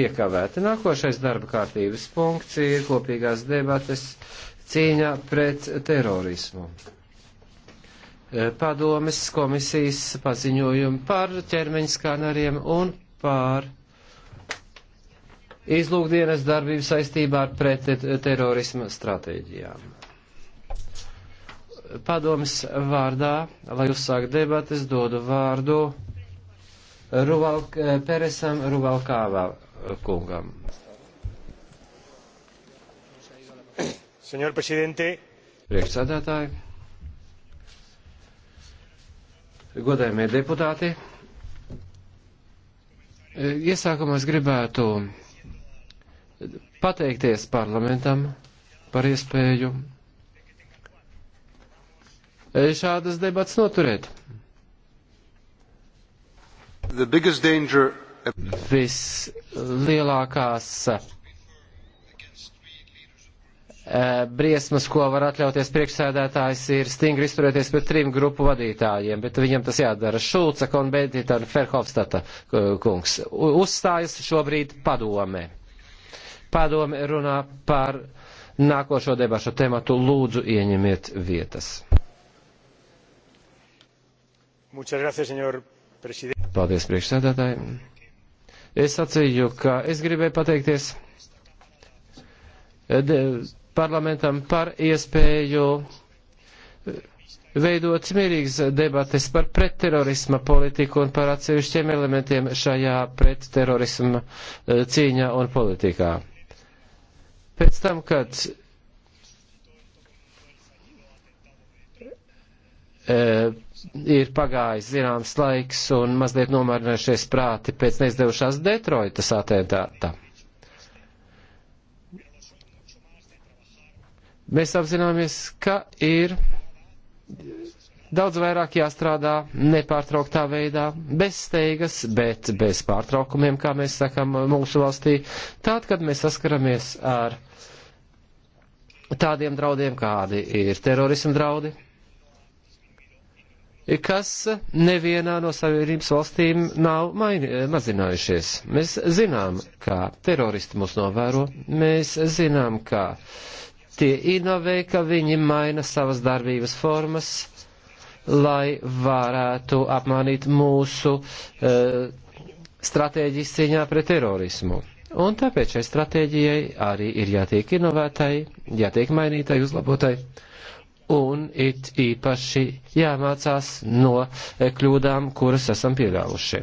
iekavēti. Nākošais darba kārtības punkts ir kopīgās debates cīņā pret terorismu. Eh, padomes komisijas paziņojumi par ķermeņskanariem un par izlūkdienas darbību saistībā ar pret terorismu stratēģijām. Padomes vārdā, lai uzsāk debates, dodu vārdu Ruvalk, eh, Peresam Ruvalkāvā kungam. Priekšsēdētāji, godējumie deputāti, iesākumā es gribētu pateikties parlamentam par iespēju šādas debats noturēt. The biggest danger vislielākās eh, briesmas, ko var atļauties priekšsēdētājs, ir stingri izturēties pret trim grupu vadītājiem, bet viņam tas jādara. Šulca, Konbendita un Ferhofstata eh, kungs uzstājas šobrīd padome. Padome runā par nākošo debašu tematu. Lūdzu, ieņemiet vietas. Gracias, Paldies, priekšsēdētāji es sacīju, ka es gribēju pateikties eh, parlamentam par iespēju eh, veidot smierīgas debates par pretterorisma politiku un par atsevišķiem elementiem šajā pretterorisma eh, cīņā un politikā. Pēc tam, kad e, ir pagājis zināms laiks un mazliet nomārinājušies prāti pēc neizdevušās Detroitas atentāta. Mēs apzināmies, ka ir daudz vairāk jāstrādā nepārtrauktā veidā, bez steigas, bet bez pārtraukumiem, kā mēs sakam mūsu valstī. Tātad, kad mēs saskaramies ar tādiem draudiem, kādi ir terorismu draudi, kas nevienā no savienības valstīm nav maini, eh, mazinājušies. Mēs zinām, kā teroristi mūs novēro, mēs zinām, kā tie inovē, ka viņi maina savas darbības formas, lai varētu apmānīt mūsu e, stratēģijas cīņā pret terorismu. Un tāpēc šai stratēģijai arī ir jātiek inovētai, jātiek mainītai, uzlabotai un it īpaši jāmācās no eh, kļūdām, kuras esam pieļāvuši.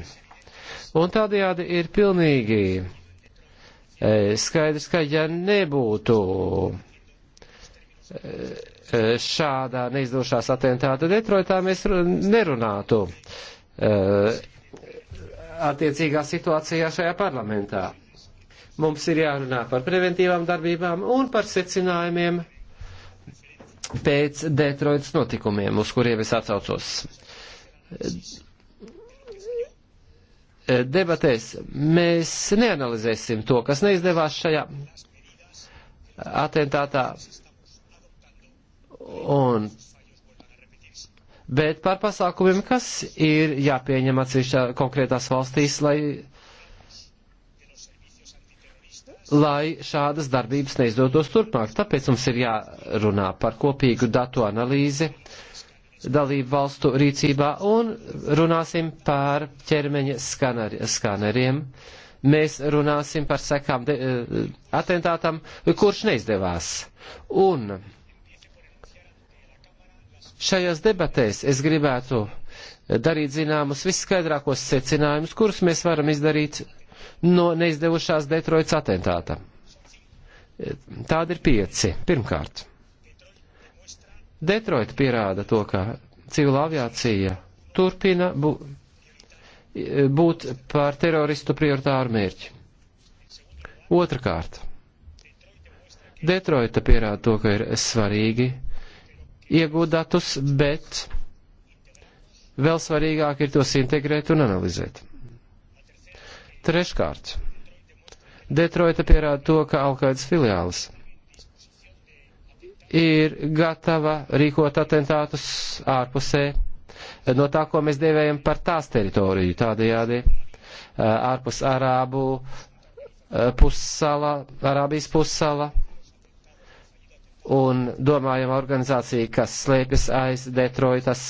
Un tādējādi ir pilnīgi eh, skaidrs, ka ja nebūtu eh, šādā neizdošās atentāta Detroitā, mēs nerunātu attiecīgā situācijā šajā parlamentā. Mums ir jārunā par preventīvām darbībām un par secinājumiem pēc Detroitas notikumiem, uz kuriem es atsaucos. Debatēs mēs neanalizēsim to, kas neizdevās šajā atentātā. Un, bet par pasākumiem, kas ir jāpieņem atsevišķā konkrētās valstīs, lai lai šādas darbības neizdotos turpmāk. Tāpēc mums ir jārunā par kopīgu datu analīzi dalību valstu rīcībā un runāsim par ķermeņa skaneri, skaneriem. Mēs runāsim par sekām de, eh, atentātam, kurš neizdevās. Un šajās debatēs es gribētu darīt zināmus visskaidrākos secinājumus, kurus mēs varam izdarīt no neizdevušās Detroits atentāta. Tādi ir pieci. Pirmkārt, Detroit pierāda to, ka civila aviācija turpina bū, būt par teroristu prioritāru mērķi. Otrakārt, Detroita pierāda to, ka ir svarīgi iegūt datus, bet vēl svarīgāk ir tos integrēt un analizēt. Treškārt, Detroita pierāda to, ka Alkaidas filiālis ir gatava rīkot atentātus ārpusē no tā, ko mēs dēvējam par tās teritoriju, tādējādi ārpus Arābu pussala, Arābijas pussala un domājama organizācija, kas slēpjas aiz Detroitas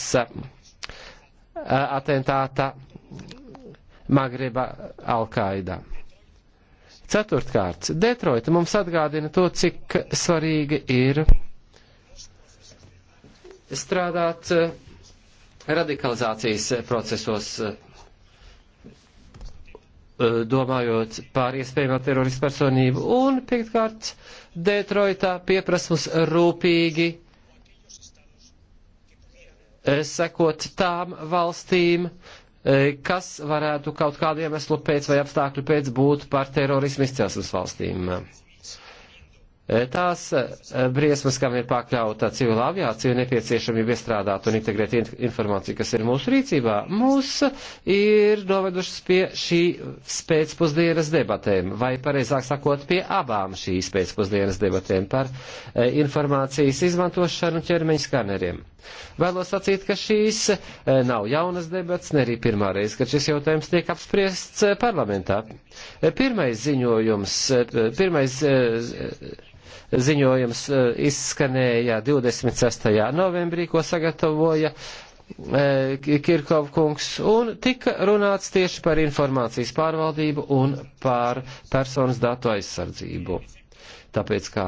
atentāta Magreba Alkaidā. Ceturtkārt, Detroita mums atgādina to, cik svarīgi ir strādāt eh, radikalizācijas procesos, eh, domājot par iespējamo teroristu personību. Un piektkārt, Detroitā pieprasmus rūpīgi eh, sekot tām valstīm, E, kas varētu kaut kādu iemeslu pēc vai apstākļu pēc būt par terorismu izcelsmes valstīm. Eh, tās eh, briesmas, kam ir pakļauta civilā aviācija, nepieciešamība iestrādāt un integrēt informāciju, kas ir mūsu rīcībā, mūs ir novedušas pie šī pēcpusdienas debatēm, vai pareizāk sakot, pie abām šīs pēcpusdienas debatēm par eh, informācijas izmantošanu ķermeņa skaneriem. Vēlos sacīt, ka šīs nav jaunas debats, ne arī pirmā reize, kad šis jautājums tiek apspriests parlamentā. Pirmais ziņojums, pirmais ziņojums e, izskanēja 26. novembrī, ko sagatavoja e, Kirkov kungs, un tika runāts tieši par informācijas pārvaldību un par personas datu aizsardzību. Tāpēc kā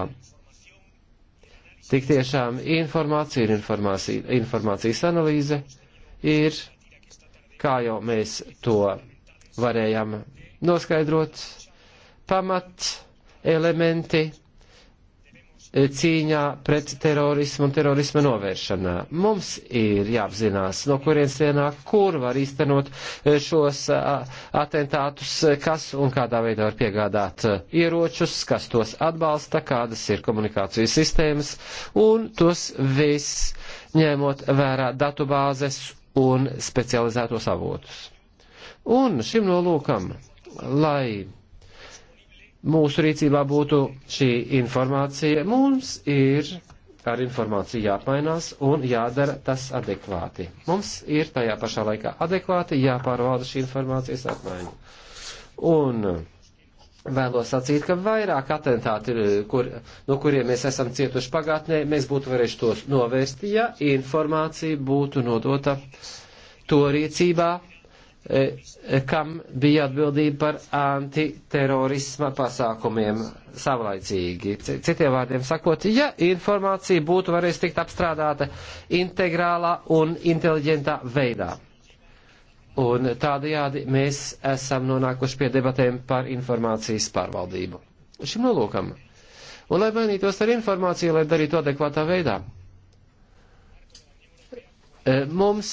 tik tiešām informācija ir informācija, informācijas analīze ir, kā jau mēs to varējām noskaidrot, pamat elementi Eh, cīņā pret terorismu un terorisma novēršanā. Mums ir jāapzinās, no kurienes ienāk, kur var īstenot eh, šos eh, atentātus, kas un kādā veidā var piegādāt ieročus, kas tos atbalsta, kādas ir komunikācijas sistēmas un tos viss ņemot vērā datubāzes un specializētos avotus. Un šim nolūkam, lai mūsu rīcībā būtu šī informācija, mums ir ar informāciju jāapmainās un jādara tas adekvāti. Mums ir tajā pašā laikā adekvāti jāpārvalda šī informācijas apmaiņa. Un vēlos sacīt, ka vairāk atentāti, kur, no kuriem mēs esam cietuši pagātnē, mēs būtu varējuši tos novērst, ja informācija būtu nodota to rīcībā, E, e, kam bija atbildība par antiterorisma pasākumiem savlaicīgi. Citiem vārdiem sakot, ja informācija būtu varējusi tikt apstrādāta integrālā un inteliģentā veidā. Un tādajādi mēs esam nonākuši pie debatēm par informācijas pārvaldību. Šim nolūkam. Un lai mainītos ar informāciju, lai darītu adekvātā veidā. Eh, mums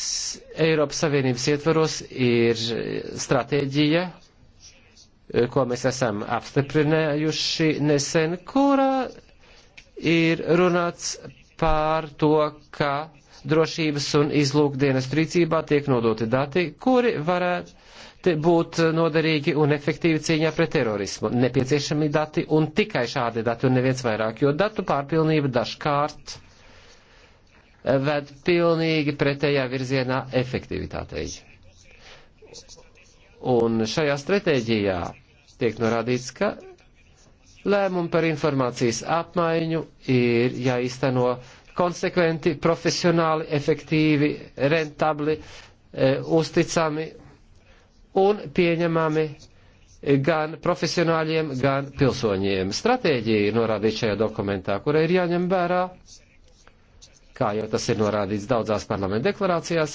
Eiropas Savienības ietvaros ir eh, stratēģija, eh, ko mēs esam apstiprinājuši nesen, kurā ir runāts pār to, ka drošības un izlūkdienas rīcībā tiek nodoti dati, kuri varētu būt noderīgi un efektīvi cīņā pret terorismu. Nepieciešami dati un tikai šādi dati un neviens vairāk, jo datu pārpilnība dažkārt ved pilnīgi pretējā virzienā efektivitātei. Un šajā stratēģijā tiek norādīts, ka lēmumu par informācijas apmaiņu ir jāizteno konsekventi, profesionāli, efektīvi, rentabli, e, uzticami un pieņemami gan profesionāļiem, gan pilsoņiem. Stratēģija ir norādīta šajā dokumentā, kurai ir jāņem vērā kā jau tas ir norādīts daudzās parlamenta deklarācijās,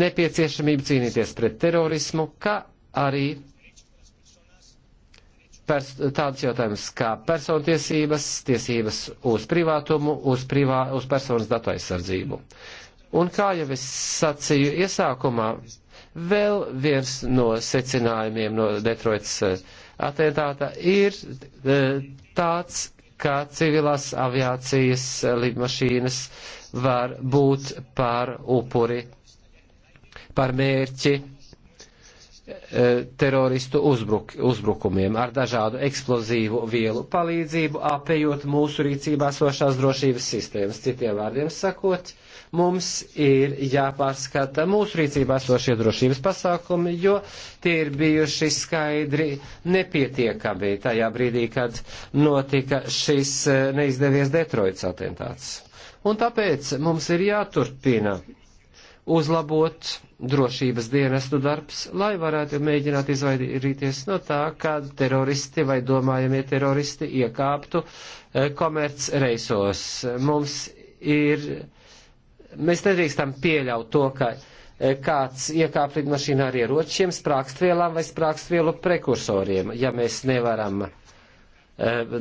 nepieciešamību cīnīties pret terorismu, kā arī pers, tāds jautājums kā persontiesības, tiesības uz privātumu, uz, privā, uz personas datu aizsardzību. Un kā jau es sacīju iesākumā, vēl viens no secinājumiem no Detroits eh, atentāta ir eh, tāds, ka civilās aviācijas lidmašīnas var būt par upuri, par mērķi e, teroristu uzbruk, uzbrukumiem ar dažādu eksplozīvu vielu palīdzību, apējot mūsu rīcībā sošās drošības sistēmas. Citiem vārdiem sakot, uh, mums ir jāpārskata mūsu rīcībā esošie drošības pasākumi, jo tie ir bijuši skaidri nepietiekami tajā brīdī, kad notika šis e, neizdevies Detroits atentāts. Un tāpēc mums ir jāturpina uzlabot drošības dienestu darbs, lai varētu mēģināt izvairīties no tā, ka teroristi vai domājamie teroristi iekāptu e, komerc reisos. Mums ir Mēs nedrīkstam pieļaut to, ka e, kāds iekāp lidmašīnā ar ieročiem, sprākstvielām vai sprākstvielu prekursoriem, ja mēs nevaram e,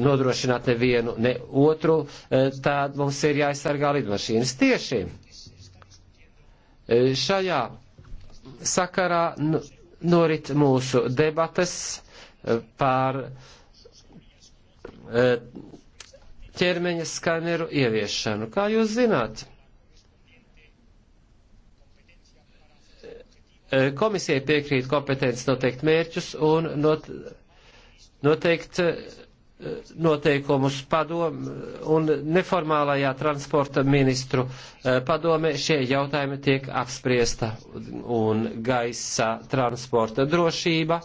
nodrošināt nevienu, ne otru, e, tad mums ir jāaizsargā lidmašīnas. Tieši šajā sakarā norit mūsu debates par ķermeņa skaneru ieviešanu. Kā jūs zināt? Eh, komisijai piekrīt kompetences noteikt mērķus un not, noteikt eh, noteikumus padom un neformālajā transporta ministru eh, padome šie jautājumi tiek apspriesta un gaisa transporta drošība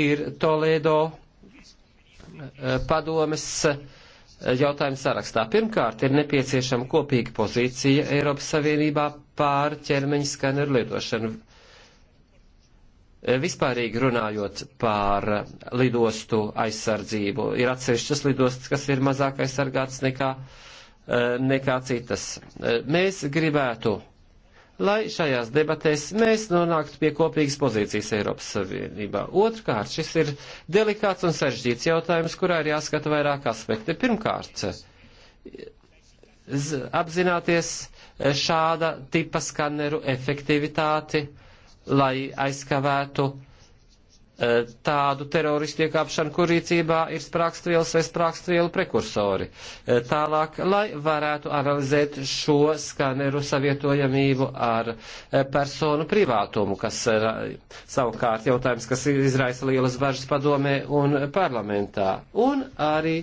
ir Toledo padomes jautājumu sarakstā. Pirmkārt, ir nepieciešama kopīga pozīcija Eiropas Savienībā pār ķermeņa skaneru lidošanu. Vispārīgi runājot par lidostu aizsardzību, ir atsevišķas lidostas, kas ir mazāk aizsargātas nekā, eh, nekā citas. Eh, mēs gribētu, lai šajās debatēs mēs nonāktu pie kopīgas pozīcijas Eiropas Savienībā. Otrkārt, šis ir delikāts un sarežģīts jautājums, kurā ir jāskata vairāk aspekti. Pirmkārt, apzināties šāda tipa skaneru efektivitāti, lai aizskavētu eh, tādu teroristu iekāpšanu, kur rīcībā ir sprākstvielas vai sprākstvielu prekursori. Eh, tālāk, lai varētu analizēt šo skaneru savietojamību ar eh, personu privātumu, kas savukārt jautājums, kas izraisa lielas bažas padomē un parlamentā. Un arī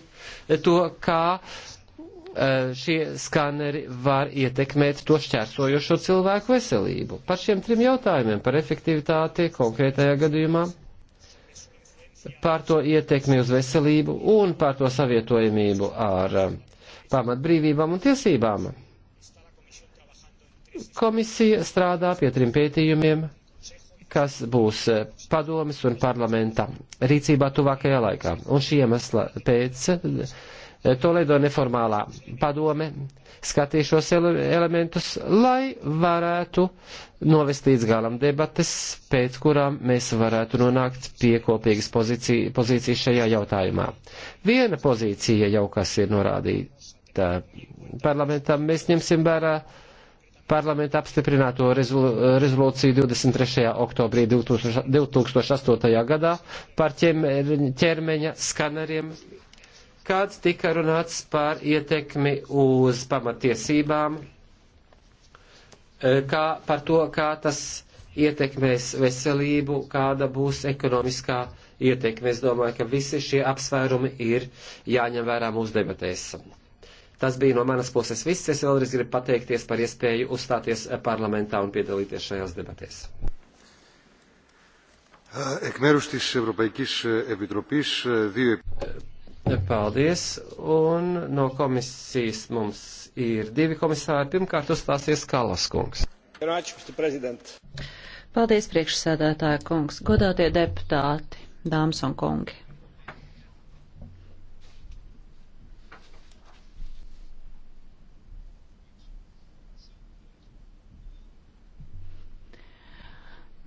to, kā uh, Eh, šie skaneri var ietekmēt to šķērsojošo cilvēku veselību. Par šiem trim jautājumiem, par efektivitāti konkrētajā gadījumā, par to ietekmi uz veselību un par to savietojamību ar eh, pamatbrīvībām un tiesībām. Komisija strādā pie trim pētījumiem, kas būs eh, padomis un parlamenta rīcībā tuvākajā laikā. Un šī iemesla pēc Toledo neformālā padome skatīja šos elementus, lai varētu novest līdz galam debates, pēc kurām mēs varētu nonākt pie kopīgas pozīcijas pozīcija šajā jautājumā. Viena pozīcija jau kas ir norādīta parlamentam, mēs ņemsim vērā parlamenta apstiprināto rezolūciju 23. oktobrī 2008. gadā par ķermeņa skaneriem kāds tika runāts par ietekmi uz pamatiesībām, eh, kā par to, kā tas ietekmēs veselību, kāda būs ekonomiskā ietekme. Es domāju, ka visi šie apsvērumi ir jāņem vērā mūsu debatēs. Tas bija no manas puses viss. Es vēlreiz gribu pateikties par iespēju uzstāties parlamentā un piedalīties šajās debatēs. Εκ μέρους της Ευρωπαϊκής Επιτροπής δύο Paldies, un no komisijas mums ir divi komisāri. Pirmkārt uzstāsies Kalas kungs. Paldies, priekšsēdētāja kungs, godātie deputāti, dāmas un kungi.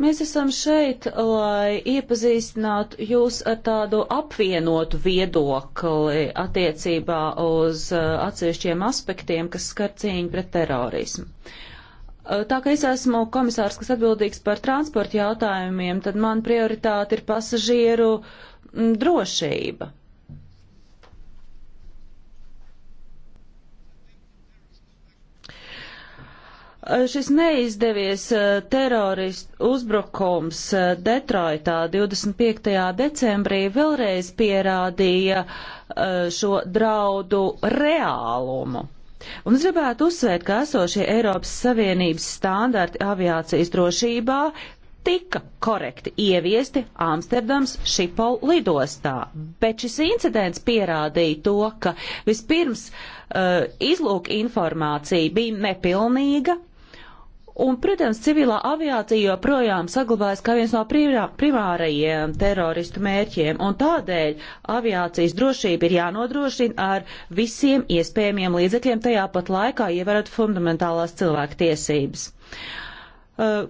Mēs esam šeit, lai iepazīstinātu jūs ar tādu apvienotu viedokli attiecībā uz uh, atsevišķiem aspektiem, kas skar cīņu pret terorismu. Uh, tā kā es esmu komisārs, kas atbildīgs par transporta jautājumiem, tad man prioritāte ir pasažieru mm, drošība. šis neizdevies eh, teroristu uzbrukums eh, Detroitā 25. decembrī vēlreiz pierādīja eh, šo draudu reālumu. Un es gribētu uzsvērt, ka esošie Eiropas Savienības standarti aviācijas drošībā tika korekti ieviesti Amsterdams Šipol lidostā, bet šis incidents pierādīja to, ka vispirms uh, izlūk informācija bija nepilnīga, Un, protams, civilā aviācija joprojām saglabājas kā viens no primārajiem teroristu mērķiem, un tādēļ aviācijas drošība ir jānodrošina ar visiem iespējamiem līdzekļiem, tajā pat laikā ievērot fundamentālās cilvēku tiesības. Uh,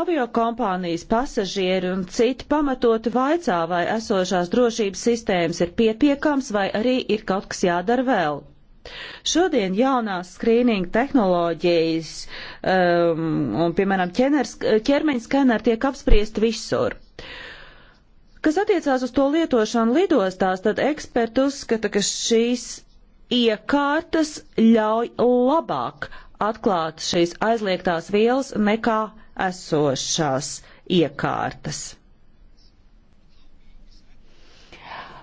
aviokompānijas pasažieri un citi pamatoti vaicā, vai esošās drošības sistēmas ir pietiekams, vai arī ir kaut kas jādara vēl. Šodien jaunās skrīninga tehnoloģijas um, un, piemēram, ķeners, ķermeņa skeneri tiek apspriesti visur. Kas attiecās uz to lietošanu lidostās, tad eksperti uzskata, ka šīs iekārtas ļauj labāk atklāt šīs aizliegtās vielas nekā esošās iekārtas.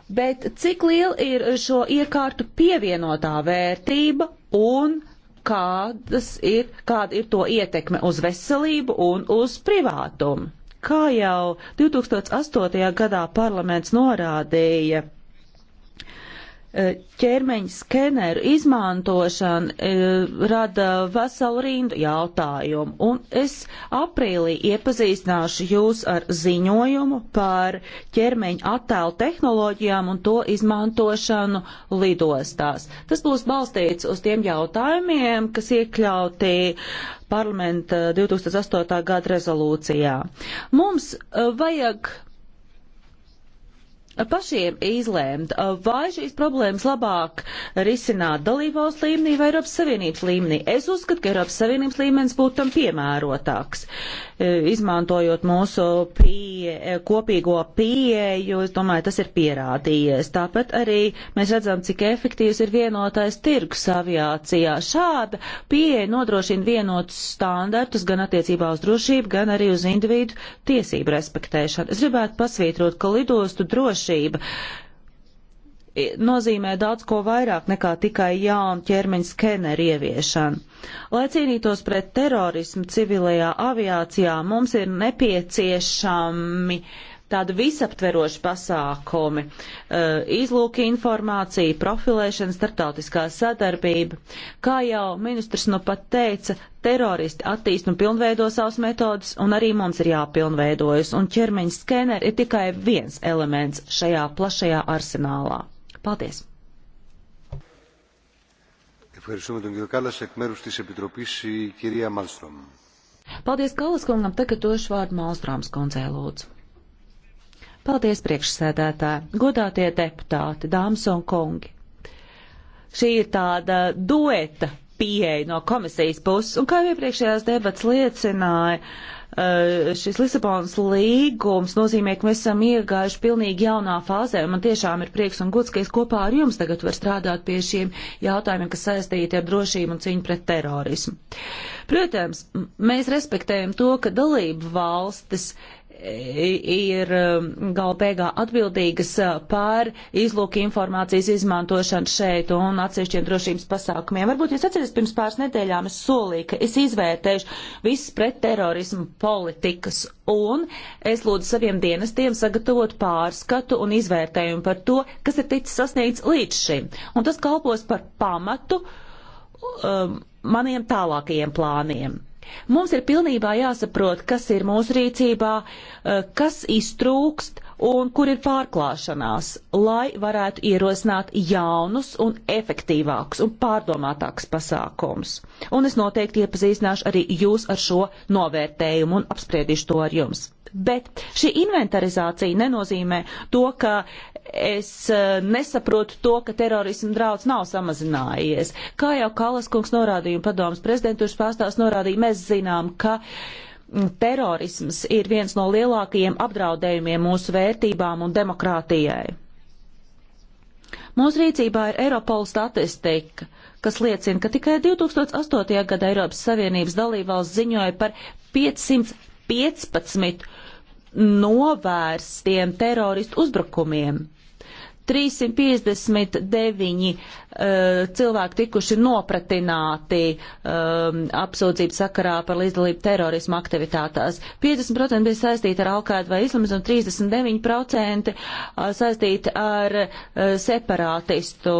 Bet cik liela ir šo iekārtu pievienotā vērtība un kādas ir, kāda ir to ietekme uz veselību un uz privātumu? Kā jau 2008. gadā parlaments norādīja, Eh, ķermeņa skeneru izmantošana eh, rada veselu rindu jautājumu, un es aprīlī iepazīstināšu jūs ar ziņojumu par ķermeņa attēlu tehnoloģijām un to izmantošanu lidostās. Tas būs balstīts uz tiem jautājumiem, kas iekļauti parlamenta 2008. gada rezolūcijā. Mums eh, vajag pašiem izlēmt, vai šīs problēmas labāk risināt dalībvalsts līmenī vai Eiropas Savienības līmenī. Es uzskatu, ka Eiropas Savienības līmenis būtu tam piemērotāks. E, izmantojot mūsu pie, e, kopīgo pieeju, es domāju, tas ir pierādījies. Tāpat arī mēs redzam, cik efektīvs ir vienotais tirgus aviācijā. Šāda pieeja nodrošina vienotus standartus gan attiecībā uz drošību, gan arī uz individu tiesību respektēšanu. Es gribētu pasvītrot, ka lidostu drošība nozīmē daudz ko vairāk nekā tikai jaunu ķermeņa skeneru ieviešanu. Lai cīnītos pret terorismu civilajā aviācijā, mums ir nepieciešami tādi visaptveroši pasākumi, eh, izlūki informācija, profilēšana, startautiskā sadarbība. Kā jau ministrs nu pat teica, teroristi attīst un pilnveido savus metodus, un arī mums ir jāpilnveidojas, un ķermeņa skeneri ir tikai viens elements šajā plašajā arsenālā. Paldies! Paldies Kalas kungam, tagad došu vārdu Malstrāms kundzē lūdzu. Paldies priekšsēdētāji, godātie deputāti, dāmas un kungi. Šī ir tāda dueta pieeja no komisijas puses, un kā iepriekšējās debats liecināja, uh, Eh, šis Lisabonas līgums nozīmē, ka mēs esam iegājuši pilnīgi jaunā fāzē. Man tiešām ir prieks un gods, ka es kopā ar jums tagad varu strādāt pie šiem jautājumiem, kas saistīti ar drošību un cīņu pret terorismu. Protams, mēs respektējam to, ka dalību valstis ir um, galbeigā atbildīgas uh, pār izlūku informācijas izmantošanu šeit un atsevišķiem drošības pasākumiem. Varbūt jūs atceries pirms pāris nedēļām es solīju, ka es izvērtēšu visas pret terorismu politikas un es lūdzu saviem dienestiem sagatavot pārskatu un izvērtējumu par to, kas ir ticis sasniegts līdz šim. Un tas kalpos par pamatu um, maniem tālākajiem plāniem. Mums ir pilnībā jāsaprot, kas ir mūsu rīcībā, eh, kas iztrūkst un kur ir pārklāšanās, lai varētu ierosināt jaunus un efektīvākus un pārdomātākus pasākums. Un es noteikti iepazīstināšu arī jūs ar šo novērtējumu un apspriedīšu to ar jums. Bet šī inventarizācija nenozīmē to, ka es eh, nesaprotu to, ka terorismu draudz nav samazinājies. Kā jau Kalas kungs norādīja un padomas prezidentūras pārstāvs norādīja, mēs zinām, ka mm, terorisms ir viens no lielākajiem apdraudējumiem mūsu vērtībām un demokrātijai. Mūsu rīcībā ir Eiropola statistika, kas liecina, ka tikai 2008. gada Eiropas Savienības dalībvalsts ziņoja par 515 novērstiem teroristu uzbrukumiem. 359 uh, eh, cilvēki tikuši nopratināti um, eh, apsūdzību sakarā par līdzdalību terorismu aktivitātās. 50% bija saistīti ar alkādu vai islamismu, un 39% eh, saistīti ar uh, separātistu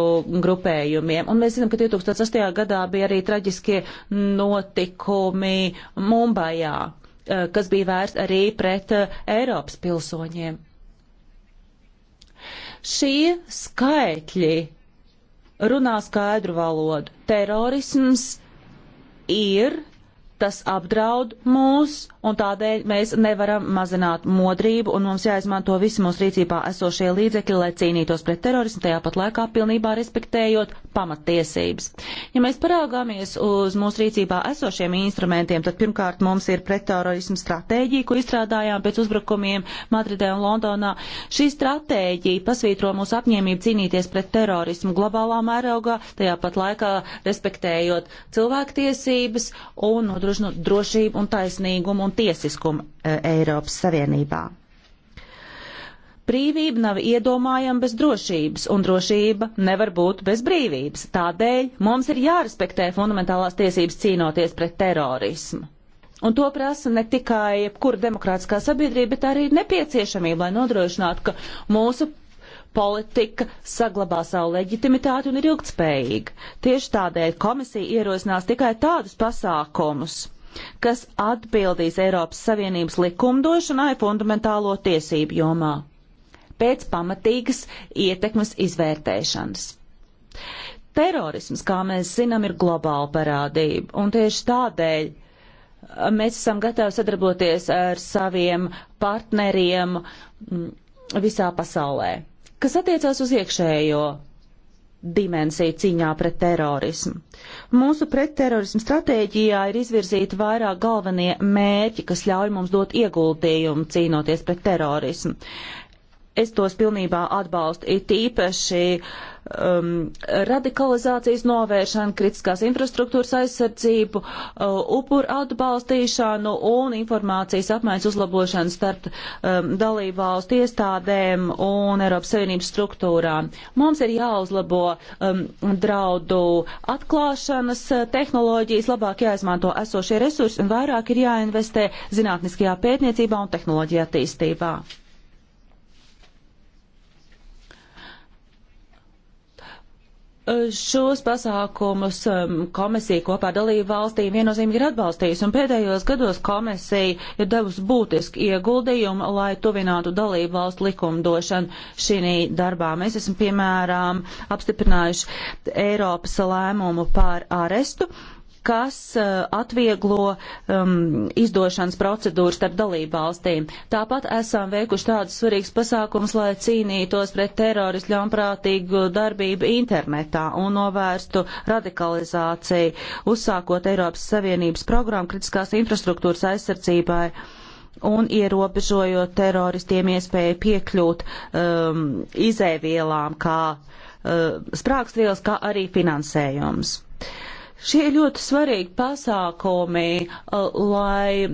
grupējumiem. Un mēs zinām, ka 2008. gadā bija arī traģiskie notikumi Mumbajā, uh, kas bija vērsts arī pret uh, Eiropas pilsoņiem. Šie skaitļi runā skaidru valodu. Terorisms ir, tas apdraud mūs, un tādēļ mēs nevaram mazināt modrību, un mums jāizmanto visi mūsu rīcībā esošie līdzekļi, lai cīnītos pret terorismu, tajā pat laikā pilnībā respektējot pamattiesības. Ja mēs paraugāmies uz mūsu rīcībā esošiem instrumentiem, tad pirmkārt mums ir pretterorismu stratēģija, ko izstrādājām pēc uzbrukumiem Madridē un Londonā. Šī stratēģija pasvītro mūsu apņēmību cīnīties pret terorismu globālā mērogā, tajā pat laikā respektējot cilvēktiesības un nodrošinot drošību un taisnīgumu un un tiesiskumu e, Eiropas Savienībā. Brīvība nav iedomājama bez drošības, un drošība nevar būt bez brīvības. Tādēļ mums ir jārespektē fundamentālās tiesības cīnoties pret terorismu. Un to prasa ne tikai jebkura demokrātiskā sabiedrība, bet arī nepieciešamība, lai nodrošinātu, ka mūsu politika saglabā savu leģitimitāti un ir ilgtspējīga. Tieši tādēļ komisija ierosinās tikai tādus pasākumus, kas atbildīs Eiropas Savienības likumdošanai fundamentālo tiesību jomā pēc pamatīgas ietekmes izvērtēšanas. Terorisms, kā mēs zinām, ir globāla parādība, un tieši tādēļ mēs esam gatavi sadarboties ar saviem partneriem visā pasaulē. Kas attiecās uz iekšējo dimensija cīņā pret terorismu. Mūsu pretterorismu stratēģijā ir izvirzīti vairāk galvenie mērķi, kas ļauj mums dot ieguldījumu cīnoties pret terorismu. Es tos pilnībā atbalstu, it īpaši um, radikalizācijas novēršanu, kritiskās infrastruktūras aizsardzību, uh, upuru atbalstīšanu un informācijas apmaiņas uzlabošanu starp um, dalību valstu iestādēm un Eiropas Savienības struktūrām. Mums ir jāuzlabo um, draudu atklāšanas uh, tehnoloģijas, labāk jāizmanto esošie resursi un vairāk ir jāinvestē zinātniskajā pētniecībā un tehnoloģija attīstībā. Šos pasākumus um, komisija kopā dalību valstīm viennozīmīgi ir atbalstījusi, un pēdējos gados komisija ir devusi būtiski ieguldījumu, lai tuvinātu dalību valstu likumdošanu šī darbā. Mēs esam, piemēram, apstiprinājuši Eiropas lēmumu par arestu, uh, kas eh, atvieglo um, izdošanas procedūras starp dalību valstīm. Tāpat esam veikuši tādus svarīgus pasākumus, lai cīnītos pret teroristu ļaunprātīgu darbību internetā un novērstu radikalizāciju, uzsākot Eiropas Savienības programmu kritiskās infrastruktūras aizsardzībai un ierobežojot teroristiem iespēju piekļūt um, izēvielām, kā uh, sprākstvielas, kā arī finansējums. Uh, Šie ļoti svarīgi pasākumi, uh, lai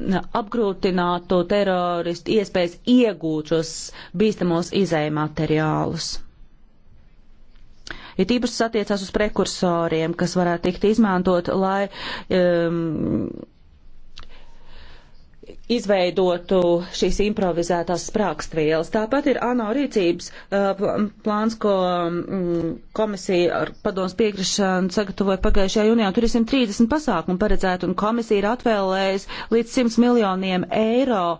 apgrūtinātu teroristu iespējas iegūt šos bīstamos izējumateriālus. Ir ja tīpaši satiecās uz prekursoriem, kas varētu tikt izmantot, lai um, izveidotu šīs improvizētās sprākstvielas. Tāpat ir ANO rīcības uh, plāns, ko komisija ar padoms piekrišanu sagatavoja pagājušajā jūnijā. Tur ir 130 pasākumu paredzētu, un komisija ir atvēlējusi līdz 100 miljoniem eiro uh,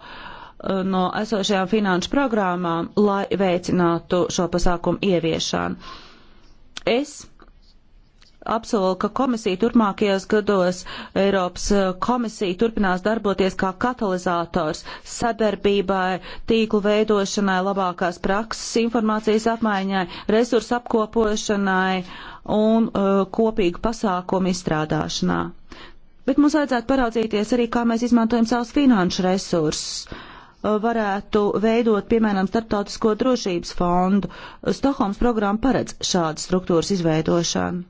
no esošajām finanšu programmām, lai veicinātu šo pasākumu ieviešanu. Es apsolu, ka komisija turpmākajos gados Eiropas eh, komisija turpinās darboties kā katalizators sadarbībai, tīklu veidošanai, labākās prakses informācijas apmaiņai, resursu apkopošanai un uh, kopīgu pasākumu izstrādāšanā. Bet mums vajadzētu paraudzīties arī, kā mēs izmantojam savus finanšu resursus. Uh, varētu veidot, piemēram, Startautisko drošības fondu. Stokholmas programma paredz šādas struktūras izveidošanu.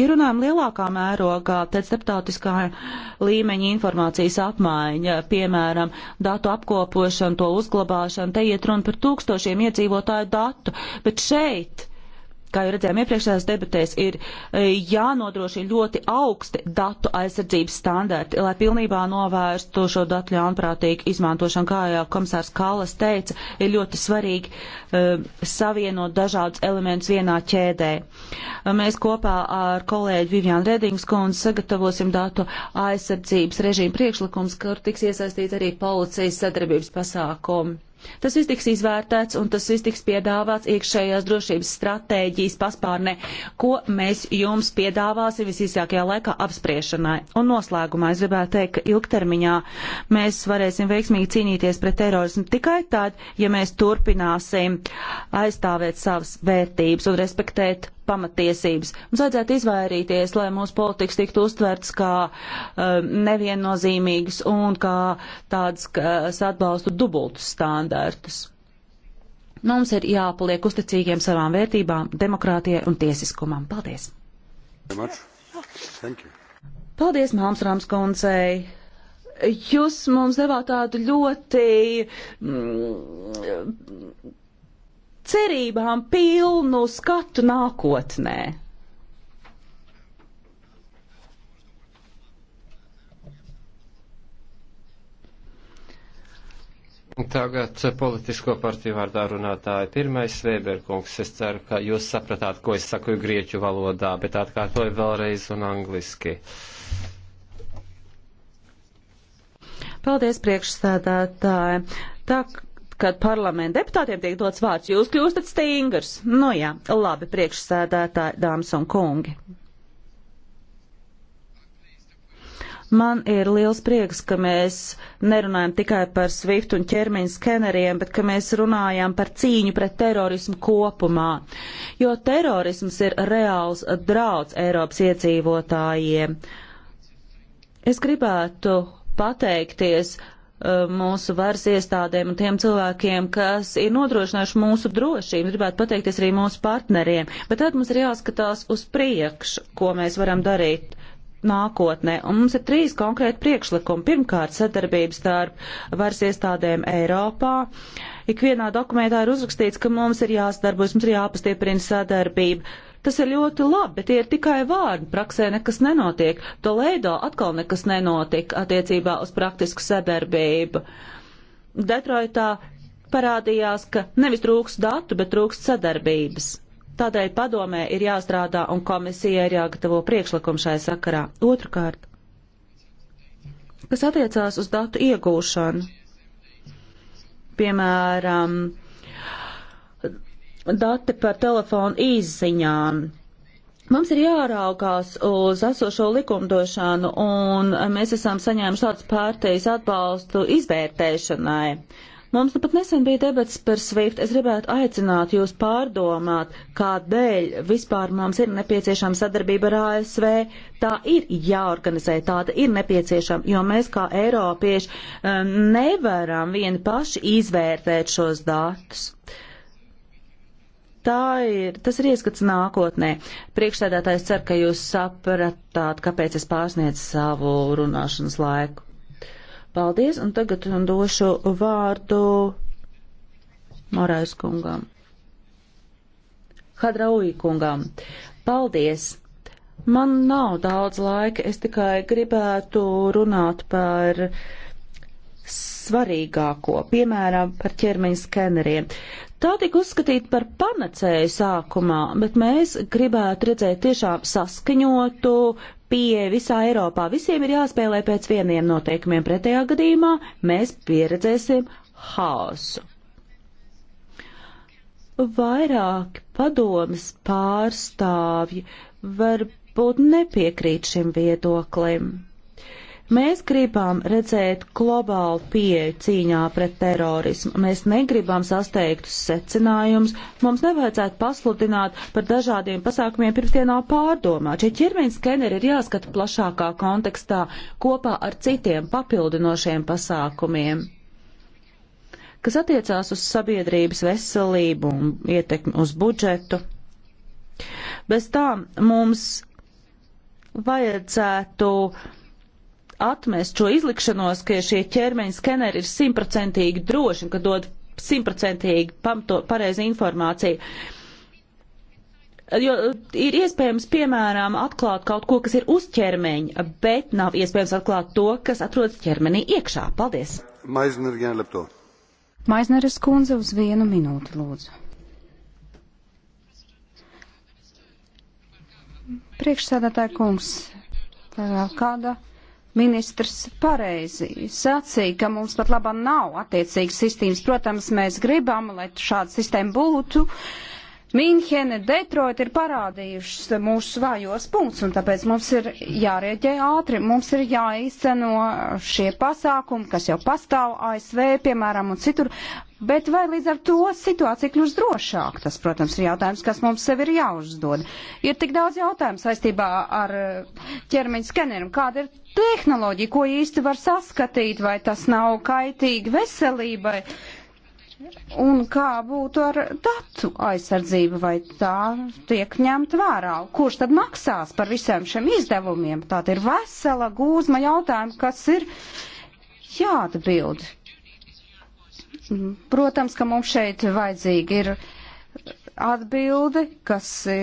Ja runājam lielākā mērogā, tad starptautiskā līmeņa informācijas apmaiņa, piemēram, datu apkopošana, to uzglabāšana, te iet runa par tūkstošiem iedzīvotāju datu, bet šeit kā jau redzējām iepriekšējās debatēs, ir e, jānodrošina ļoti augsti datu aizsardzības standarti, lai pilnībā novērstu šo datu ļaunprātīgu izmantošanu. Kā jau komisārs Kalas teica, ir ļoti svarīgi um, savienot dažādus elementus vienā ķēdē. Mēs kopā ar kolēģi Vivianu Redings kundzi sagatavosim datu aizsardzības režīmu priekšlikums, kur tiks iesaistīti arī policijas sadarbības pasākumi. Tas viss tiks izvērtēts un tas viss tiks piedāvāts iekšējās drošības stratēģijas paspārnē, ko mēs jums piedāvāsim visīsākajā laikā apspriešanai. Un noslēgumā es gribētu teikt, ka ilgtermiņā mēs varēsim veiksmīgi cīnīties pret terorismu tikai tad, ja mēs turpināsim aizstāvēt savas vērtības un respektēt pamatiesības. Mums vajadzētu izvairīties, lai mūsu politikas tiktu uztverts kā um, neviennozīmīgas un kā tādas, kas atbalstu dubultus standārtus. Mums ir jāpaliek uzticīgiem savām vērtībām, demokrātijai un tiesiskumam. Paldies! Paldies, Māms Rāms Koncei! Jūs mums devāt tādu ļoti. Mm, cerībām pilnu skatu nākotnē. Tagad politisko partiju vārdā runātāji. Pirmais Vēberkungs, es ceru, ka jūs sapratāt, ko es saku grieķu valodā, bet atkārtoju vēlreiz un angliski. Paldies priekšstādātāji. Tā kad parlamenta deputātiem tiek dots vārds, jūs kļūstat stingrs. Nu jā, labi, priekšsēdētāji, dāmas un kungi. Man ir liels prieks, ka mēs nerunājam tikai par Swift un ķermeņa skeneriem, bet ka mēs runājam par cīņu pret terorismu kopumā. Jo terorisms ir reāls drauds Eiropas iedzīvotājiem. Es gribētu pateikties Uh, mūsu varas iestādēm un tiem cilvēkiem, kas ir nodrošinājuši mūsu drošību. Gribētu pateikties arī mūsu partneriem. Bet tad mums ir jāskatās uz priekšu, ko mēs varam darīt nākotnē. Un mums ir trīs konkrēti priekšlikumi. Pirmkārt, sadarbības starp varas iestādēm Eiropā. Ikvienā dokumentā ir uzrakstīts, ka mums ir jāsadarbojas, mums ir jāpastieprina sadarbība Tas ir ļoti labi, bet tie ir tikai vārdi. Praksē nekas nenotiek. Toledo atkal nekas nenotika attiecībā uz praktisku sadarbību. Detroitā parādījās, ka nevis trūks datu, bet trūks sadarbības. Tādēļ padomē ir jāstrādā un komisija ir jāgatavo priekšlikumu šai sakarā. Otrakārt, kas attiecās uz datu iegūšanu, piemēram, dati par telefonu izziņām. Mums ir jāraukās uz esošo likumdošanu, un mēs esam saņēmuši tāds pārteis atbalstu izvērtēšanai. Mums nu pat nesen bija debats par SWIFT. Es gribētu aicināt jūs pārdomāt, kādēļ vispār mums ir nepieciešama sadarbība ar ASV. Tā ir jāorganizē, tāda ir nepieciešama, jo mēs kā Eiropieši eh, nevaram vieni paši izvērtēt šos datus. Uh, Tā ir, tas ir ieskats nākotnē. Priekšsēdētājs cer, ka jūs sapratāt, kāpēc es pārsniedzu savu runāšanas laiku. Paldies, un tagad došu vārdu Morais kungam. Hadraui kungam. Paldies! Man nav daudz laika, es tikai gribētu runāt par uh, svarīgāko, piemēram, par ķermeņa skeneriem. Tā tika uzskatīta par panacēju sākumā, bet mēs gribētu redzēt tiešām saskaņotu pieeja visā Eiropā. Visiem ir jāspēlē pēc vieniem noteikumiem, pretējā gadījumā mēs pieredzēsim haosu. Vairāk padomas pārstāvji varbūt nepiekrīt šim viedoklim. Mēs gribam redzēt globālu pieeju cīņā pret terorismu. Mēs negribam sasteigtus secinājumus. Mums nevajadzētu pasludināt par dažādiem pasākumiem pirms tie nav pārdomāti. Šie ķermeņa skeneri ir jāskata plašākā kontekstā kopā ar citiem papildinošiem pasākumiem kas attiecās uz sabiedrības veselību un ietekmi uz budžetu. Bez tā mums vajadzētu uh, atmest šo izlikšanos, ka šie ķermeņa skeneri ir simtprocentīgi droši un ka dod simtprocentīgi pareizi informāciju. Jo ir iespējams, piemēram, atklāt kaut ko, kas ir uz ķermeņa, bet nav iespējams atklāt to, kas atrodas ķermenī iekšā. Paldies! Maizner, Jāna Lepto. Maizneres kundze uz vienu minūti, lūdzu. Priekšsēdētāja kungs, kāda Ministrs pareizi sacīja, ka mums pat labam nav attiecīgas sistēmas. Protams, mēs gribam, lai šāda sistēma būtu. Uh, Mīnhene, Detroit ir parādījušas mūsu svājos punktus, un tāpēc mums ir jārēģē ātri. Mums ir jāīsteno šie pasākumi, kas jau pastāv ASV, piemēram, un citur. Bet vai līdz ar to situācija kļūst drošāk? Tas, protams, ir jautājums, kas mums sev ir jāuzdod. Ir tik daudz jautājumu saistībā ar eh, ķermeņa skeneru. Kāda ir tehnoloģija, ko īsti var saskatīt, vai tas nav kaitīgi veselībai? Uh, Un kā būtu ar datu aizsardzību, vai tā tiek ņemta vērā? Kurš tad maksās par visiem šiem izdevumiem? Tā ir vesela gūzma jautājuma, kas ir jāatbild. Protams, ka mums šeit vajadzīgi ir atbildi, kas e,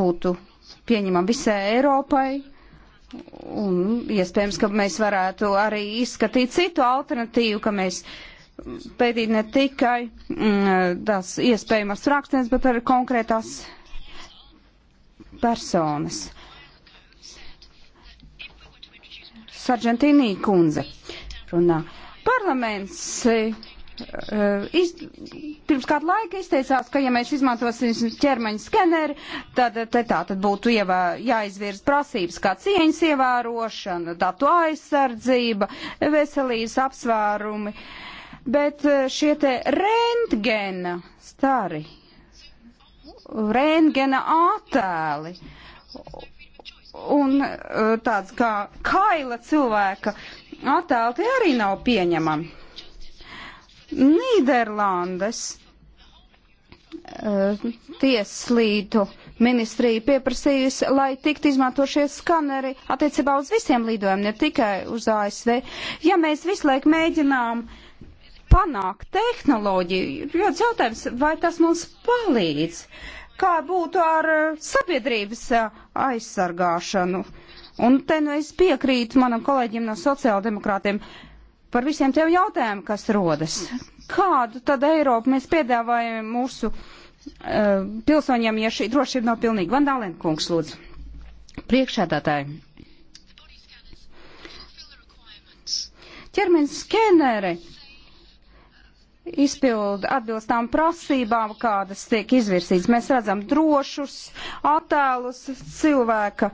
būtu pieņemama visai Eiropai, Un iespējams, ka mēs varētu arī izskatīt citu alternatīvu, ka mēs pētīt ne tikai mm, tās iespējamas rakstnes, bet arī konkrētās personas. Sargentīnī kundze runā. Parlaments eh, iz, pirms kādu laiku izteicās, ka ja mēs izmantosim ķermeņa skeneri, tad eh, te tā tad būtu ievā, jāizvirz prasības kā cieņas ievērošana, datu aizsardzība, veselības apsvērumi. Uh, bet e, šie te rentgena stari, rentgena attēli un e, tāds kā kaila cilvēka attēli, tie arī nav pieņemami. Nīderlandes uh, e, tieslīdu ministrija pieprasījusi, lai tiktu izmanto šie skaneri attiecībā uz visiem lidojumiem, ne tikai uz ASV. Ja mēs visu laiku mēģinām uh, panākt tehnoloģiju. Jo jautājums, vai tas mums palīdz, kā būtu ar eh, sabiedrības eh, aizsargāšanu. Un te nu es piekrītu manam kolēģim no sociāldemokrātiem par visiem tiem jautājumiem, kas rodas. Kādu tad Eiropu mēs piedāvājam mūsu uh, pilsoņiem, ja šī drošība nav pilnīga? Vandālēn kungs, lūdzu. Priekšētātāji. Ķermenis skeneri izpildu atbilstām prasībām, kādas tiek izvirsītas. Mēs redzam drošus attēlus cilvēka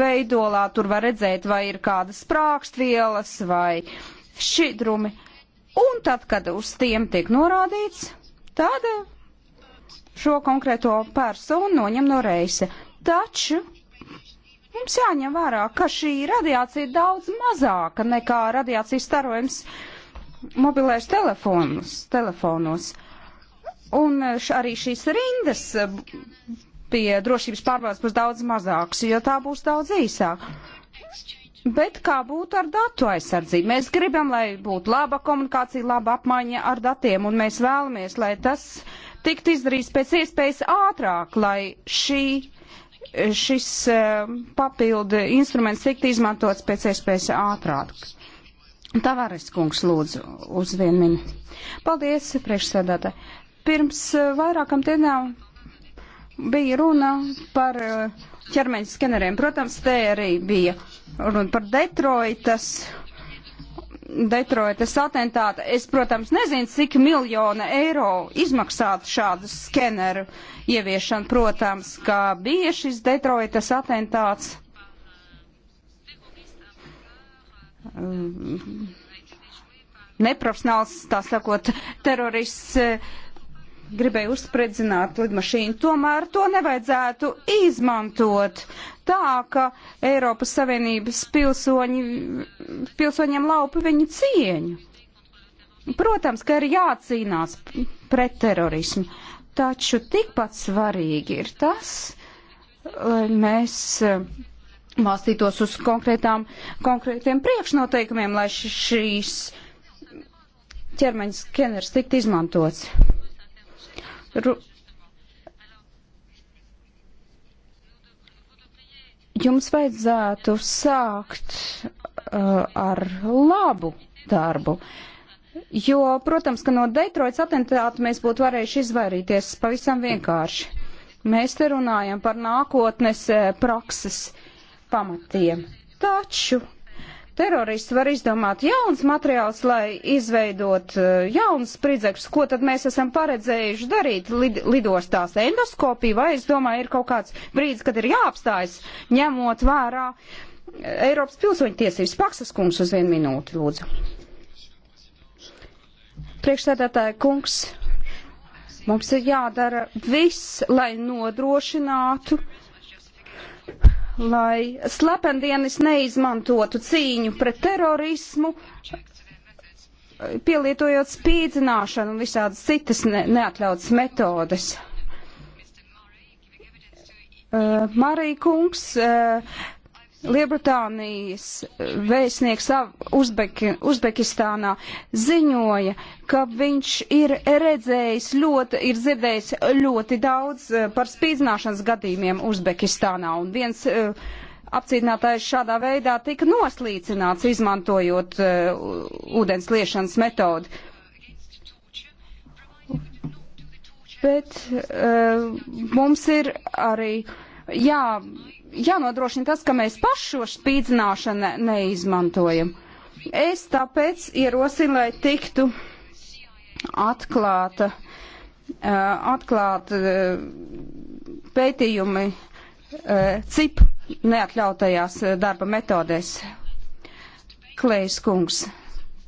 veidolā, tur var redzēt, vai ir kādas prākstvielas vai šķidrumi. Un tad, kad uz tiem tiek norādīts, tad šo konkrēto personu noņem no reisa. Taču mums jāņem vērā, ka šī radiācija ir daudz mazāka nekā radiācijas starojums mobilēs telefonus, telefonos. Un eh, š, arī šīs rindas eh, pie drošības pārbaudas būs daudz mazākas, jo tā būs daudz īsāka. Bet kā būtu ar datu aizsardzību? Mēs gribam, lai būtu laba komunikācija, laba apmaiņa ar datiem, un mēs vēlamies, lai tas tiktu izdarīts pēc iespējas ātrāk, lai šī, eh, šis papildu instruments tiktu izmantots pēc iespējas ātrāk. Tavares kungs lūdzu uz vienu minu. Paldies, priekšsēdētāji. Pirms eh, vairākam dienām bija runa par eh, ķermeņa skeneriem. Protams, te arī bija runa par Detroitas. Detroitas atentāta. Es, protams, nezinu, cik miljona eiro izmaksātu šādu skeneru ieviešanu. Protams, kā bija šis Detroitas atentāts. Mm. neprofesionāls, tā sakot, terorists eh, gribēja uzspridzināt lidmašīnu. Tomēr to nevajadzētu izmantot tā, ka Eiropas Savienības pilsoņi, pilsoņiem laupa viņu cieņu. Protams, ka ir jācīnās pret terorismu, taču tikpat svarīgi ir tas, lai mēs eh, balstītos uz konkrētiem priekšnoteikumiem, lai šīs ķermeņa skeners tiktu izmantots. Ru Jums vajadzētu sākt uh, ar labu darbu, jo, protams, ka no Detroits atentāta mēs būtu varējuši izvairīties pavisam vienkārši. Mēs te runājam par nākotnes eh, prakses pamatiem. Taču terorists var izdomāt jauns materiāls, lai izveidot eh, jauns spridzekļus, ko tad mēs esam paredzējuši darīt lid lidostās endoskopiju, vai es domāju, ir kaut kāds brīdis, kad ir jāapstājas, ņemot vērā eh, Eiropas pilsoņu tiesības. Paksas kungs uz vienu minūti, lūdzu. Priekšsēdētāja kungs, mums ir jādara viss, lai nodrošinātu lai slependienis neizmantotu cīņu pret terorismu, pielietojot spīdzināšanu un visādas citas ne, neatļautas metodes. Uh, Marija kungs uh, Lielbritānijas eh, vēstnieks Uzbeki, Uzbekistānā ziņoja, ka viņš ir redzējis ļoti, ir dzirdējis ļoti daudz eh, par spīdzināšanas gadījumiem Uzbekistānā. Un viens uh, apcietinātājs šādā veidā tika noslīcināts, izmantojot uh, ūdens liešanas metodi. Bet uh, mums ir arī uh, jā, jānodrošina tas, ka mēs pašu šo spīdzināšanu ne, neizmantojam. Es tāpēc ierosinu, lai tiktu atklāta, atklāta pētījumi cip neatļautajās darba metodēs. Klējs kungs,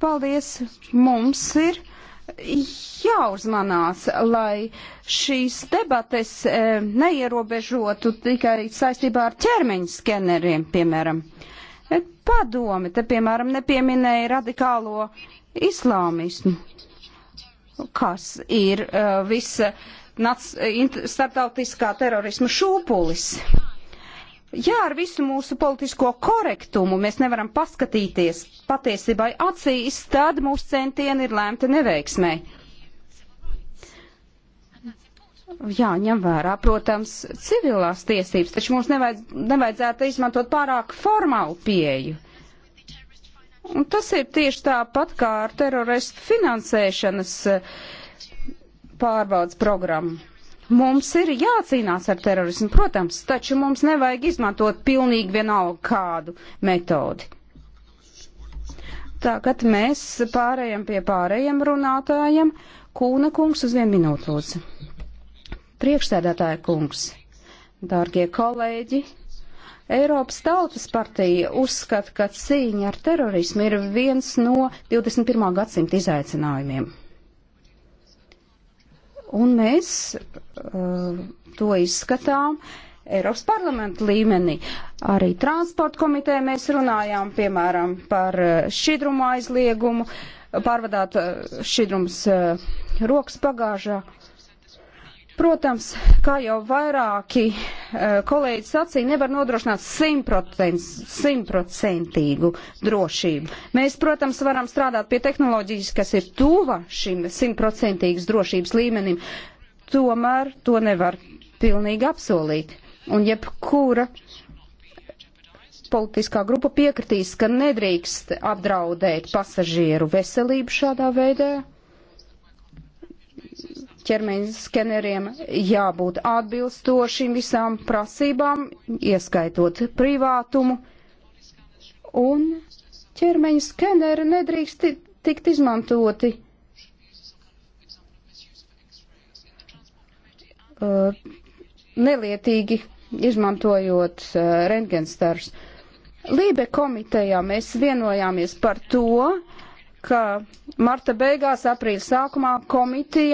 paldies, mums ir jāuzmanās, lai šīs debates e, neierobežotu tikai saistībā ar ķermeņa skeneriem, piemēram. E, padomi te, piemēram, nepieminēja radikālo islāmismu, kas ir e, visa nac, starptautiskā terorisma šūpulis. Jā, ar visu mūsu politisko korektumu mēs nevaram paskatīties patiesībai acīs, tad mūsu centieni ir lēmti neveiksmē. Jā, ņem vērā, protams, civilās tiesības, taču mums nevajadz, nevajadzētu izmantot pārāk formālu pieeju. Un tas ir tieši tāpat kā ar teroristu finansēšanas eh, pārbaudas programmu. Mums ir jācīnās ar terorismu, protams, taču mums nevajag izmantot pilnīgi vienalga kādu metodi. Tagad mēs pārējiem pie pārējiem runātājiem. Kūna kungs uz vienu minūtu lūdzu. Priekšstādātāja kungs, dārgie kolēģi, Eiropas Tautas partija uzskata, ka cīņa ar terorismu ir viens no 21. gadsimta izaicinājumiem. Un mēs uh, to izskatām Eiropas parlamenta līmenī. Arī transporta komiteja mēs runājām, piemēram, par uh, šķidrumu aizliegumu, pārvadāt uh, šķidrums uh, rokas pagāžā. Uh, Protams, kā jau vairāki e, kolēģi sacīja, nevar nodrošināt simtprocentīgu drošību. Mēs, protams, varam strādāt pie tehnoloģijas, kas ir tuva šim simtprocentīgas drošības līmenim, tomēr to nevar pilnīgi apsolīt. Un jebkura politiskā grupa piekritīs, ka nedrīkst apdraudēt pasažieru veselību šādā veidā ķermeņa skeneriem jābūt atbilstošiem visām prasībām, ieskaitot privātumu, un ķermeņa skeneri nedrīkst tikt izmantoti uh, nelietīgi, izmantojot uh, rentgenstars. Lībe komitejā mēs vienojāmies par to, ka marta beigās, aprīļa sākumā e,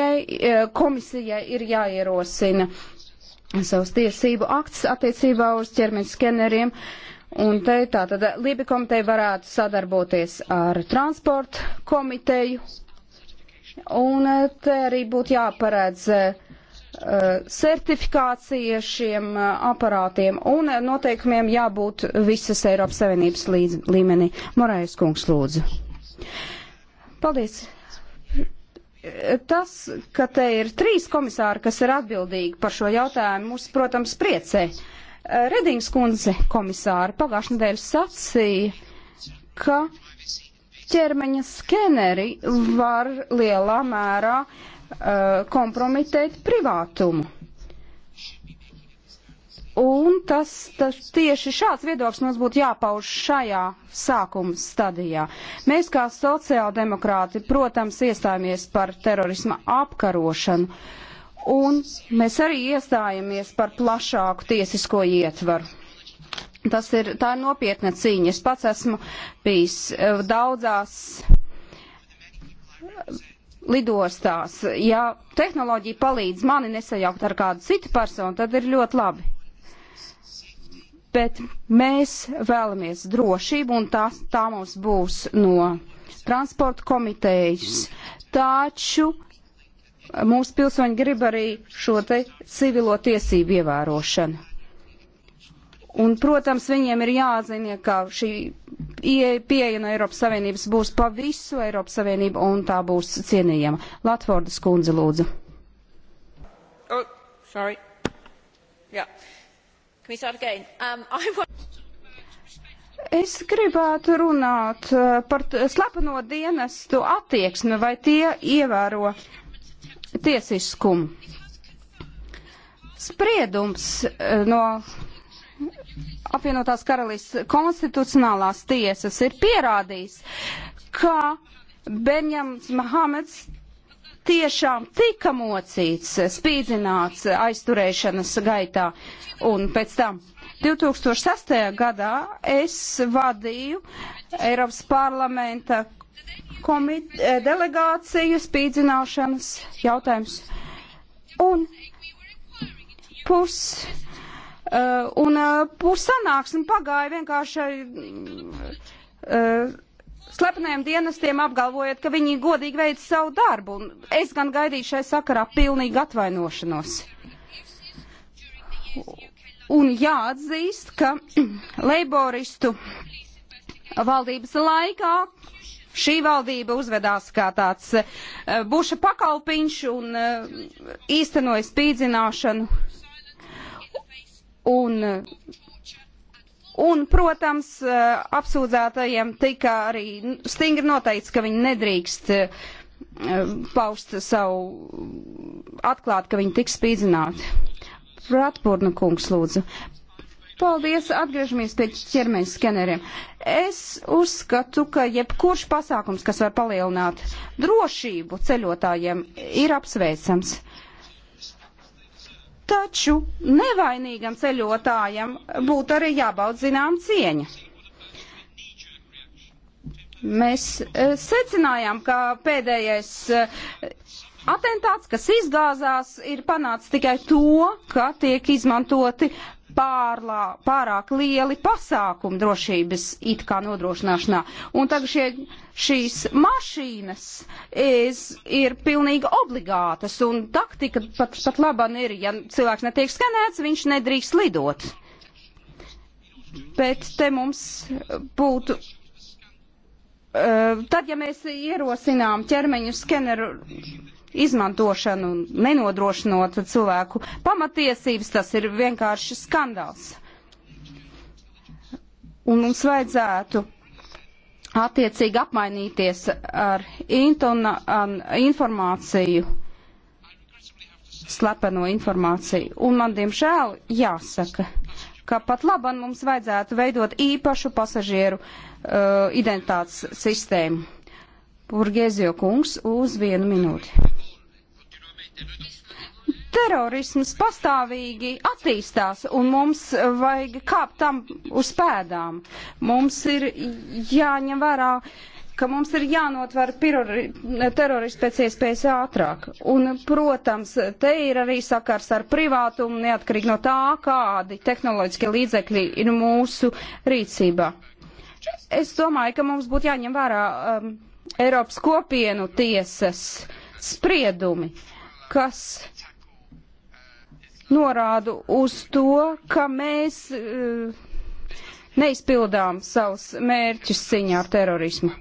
komisijai ir jāierosina savus tiesību akts attiecībā uz ķermeņa skeneriem. Un te tātad Lībi komiteja varētu sadarboties ar transportu komiteju. Un e, te arī būtu jāparedz e, certifikācija šiem aparātiem un noteikumiem jābūt visas Eiropas Savienības līdz, līmenī. Morais kungs lūdzu. Paldies! Tas, ka te ir trīs komisāri, kas ir atbildīgi par šo jautājumu, mūs, protams, priecē. Redings kundze komisāri pagājušajā nedēļā sacīja, ka ķermeņa skeneri var lielā mērā uh, kompromitēt privātumu. Un tas, tas tieši šāds viedoklis mums būtu jāpauž šajā sākuma stadijā. Mēs kā sociāldemokrāti, protams, iestājāmies par terorisma apkarošanu, un mēs arī iestājāmies par plašāku tiesisko ietvaru. Tas ir, tā ir nopietna cīņa. Es pats esmu bijis eh, daudzās eh, lidostās. Ja tehnoloģija palīdz mani nesajaukt ar kādu citu personu, tad ir ļoti labi bet mēs vēlamies drošību un tā, tā mums būs no transporta komitejas. Taču mūsu pilsoņi grib arī šo te civilo tiesību ievērošanu. Un, protams, viņiem ir jāzina, ka šī pieeja no Eiropas Savienības būs pa visu Eiropas Savienību un tā būs cienījama. Latvordas kundze lūdzu. Oh, sorry. Yeah. Um, es gribētu runāt uh, par slepeno dienestu attieksmi, vai tie ievēro tiesiskumu. Spriedums uh, no apvienotās karalists konstitucionālās tiesas ir pierādījis, ka Benjams Mahameds tiešām tika mocīts, spīdzināts aizturēšanas gaitā. Un pēc tam 2006. gadā es vadīju Eiropas parlamenta komit, eh, delegāciju spīdzināšanas jautājums. Un pus. Uh, un uh, eh, pusanāksme pagāja vienkārši uh, slepenajiem dienestiem apgalvojot, ka viņi godīgi veic savu darbu, un es gan gaidīju šai sakarā pilnīgi atvainošanos. Un jāatzīst, ka leiboristu valdības laikā šī valdība uzvedās kā tāds eh, buša pakalpiņš un eh, īstenoja spīdzināšanu. Un eh, Un, protams, eh, apsūdzētajiem tika arī stingri noteikts, ka viņi nedrīkst eh, paust savu atklāt, ka viņi tiks spīdzināti. Ratpurna kungs, lūdzu. Paldies, atgriežamies pie ķermeņa skeneriem. Es uzskatu, ka jebkurš pasākums, kas var palielināt drošību ceļotājiem, ir apsveicams. Uh, Taču nevainīgam ceļotājam būtu arī jābaud zinām cieņa. Mēs e, secinājām, ka pēdējais e, atentāts, kas izgāzās, ir panācis tikai to, ka tiek izmantoti pārlā, pārāk lieli pasākumi drošības it kā nodrošināšanā. Un tagad šie, šīs mašīnas is, ir pilnīgi obligātas, un taktika pat, pat laban ir, ja cilvēks netiek skanēts, viņš nedrīkst lidot. Bet te mums būtu eh, tad, ja mēs ierosinām ķermeņu skeneru izmantošanu, nenodrošinot cilvēku pamatiesības, tas ir vienkārši skandāls. Un mums vajadzētu attiecīgi apmainīties ar intona, an, informāciju, slepeno informāciju. Un man, diemžēl, jāsaka, ka pat labam mums vajadzētu veidot īpašu pasažieru uh, identitātes sistēmu. Burgēzio kungs uz vienu minūti. Terorisms pastāvīgi attīstās un mums vajag kāpt tam uz pēdām. Mums ir jāņem vērā, ka mums ir jānotver teroristi pēc iespējas ātrāk. Un, protams, te ir arī sakars ar privātumu, neatkarīgi no tā, kādi tehnoloģiskie līdzekļi ir mūsu rīcībā. Es domāju, ka mums būtu jāņem vērā um, Eiropas kopienu tiesas spriedumi. Uh, kas norādu uz to, ka mēs uh, neizpildām savus mērķus ciņā ar terorismu.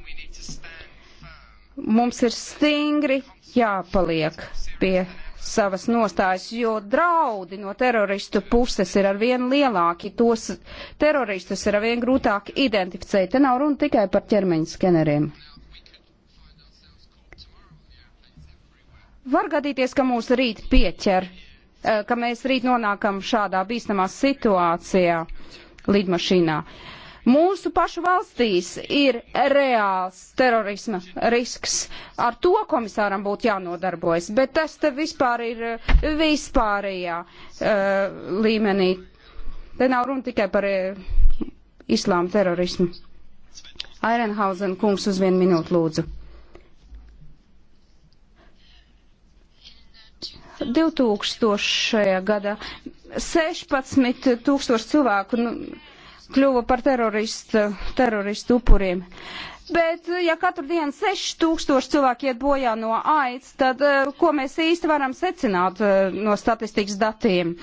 Mums ir stingri jāpaliek pie savas nostājas, jo draudi no teroristu puses ir arvien lielāki, tos teroristus ir arvien grūtāk identificēt. Te nav runa tikai par ķermeņa skeneriem. Var gadīties, ka mūs rīt pieķer, eh, ka mēs rīt nonākam šādā bīstamā situācijā lidmašīnā. Mūsu pašu valstīs ir reāls terorisma risks. Ar to komisāram būtu jānodarbojas, bet tas te vispār ir eh, vispārējā uh, līmenī. Te nav runa tikai par uh, islāma terorismu. Airenhausen kungs uz vienu minūtu lūdzu. 2000. gada 16 tūkstoši cilvēku nu, kļuva par teroristu, teroristu upuriem. Bet, ja katru dienu 6000 cilvēku iet bojā no aids, tad eh, ko mēs īsti varam secināt eh, no statistikas datiem?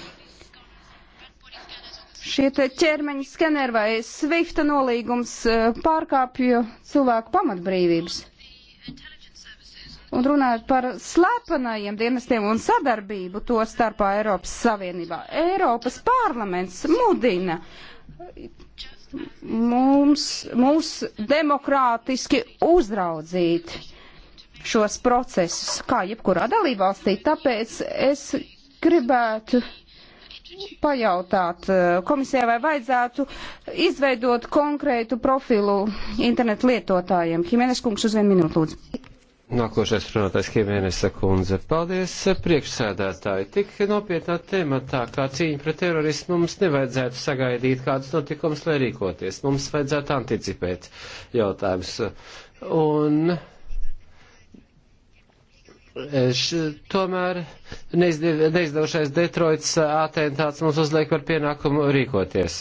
Šie ķermeņa skeneri vai svifta nolīgums eh, pārkāpju cilvēku pamatbrīvības. Un runājot par slepenajiem dienestiem un sadarbību to starpā Eiropas Savienībā, Eiropas parlaments mudina mums, mums demokrātiski uzraudzīt šos procesus, kā jebkurā dalībvalstī. Tāpēc es gribētu pajautāt eh, komisijai, vai vajadzētu izveidot konkrētu profilu internetu lietotājiem. Himenes kungs uz vienu minūtu lūdzu. Nākošais runātais Kiemēnesa kundze. Paldies, priekšsēdētāji. Tik nopietnā tēmatā, kā cīņa pret terorismu, mums nevajadzētu sagaidīt kādus notikumus, lai rīkoties. Mums vajadzētu anticipēt jautājumus. Un Š, tomēr neizdevušais Detroits atentāts mums uzliek par pienākumu rīkoties.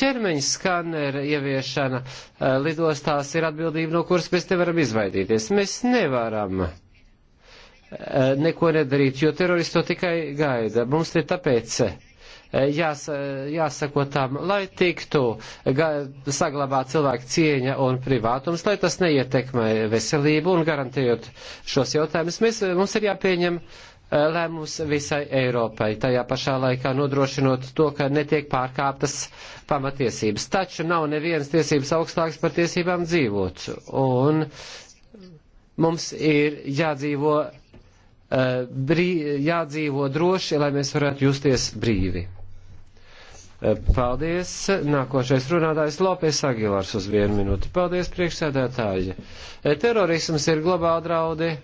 Ķermeņa skanera ieviešana eh, lidostās ir atbildība, no kuras mēs nevaram izvaidīties. Mēs nevaram eh, neko nedarīt, jo teroristi to tikai gaida. Mums ir tāpēc jās, jāsako tam, lai tiktu saglabāt cilvēku cieņa un privātums, lai tas neietekmē veselību un garantējot šos jautājumus. Mēs, mums ir jāpieņem eh, lēmums visai Eiropai, tajā pašā laikā nodrošinot to, ka netiek pārkāptas pamatiesības. Taču nav nevienas tiesības augstākas par tiesībām dzīvot. Un mums ir jādzīvo, eh, brī, jādzīvo droši, lai mēs varētu justies brīvi. Paldies. Nākošais runātājs Lopes Agilārs uz vienu minūti. Paldies, priekšsēdētāji. E, terorisms ir globāla draudi.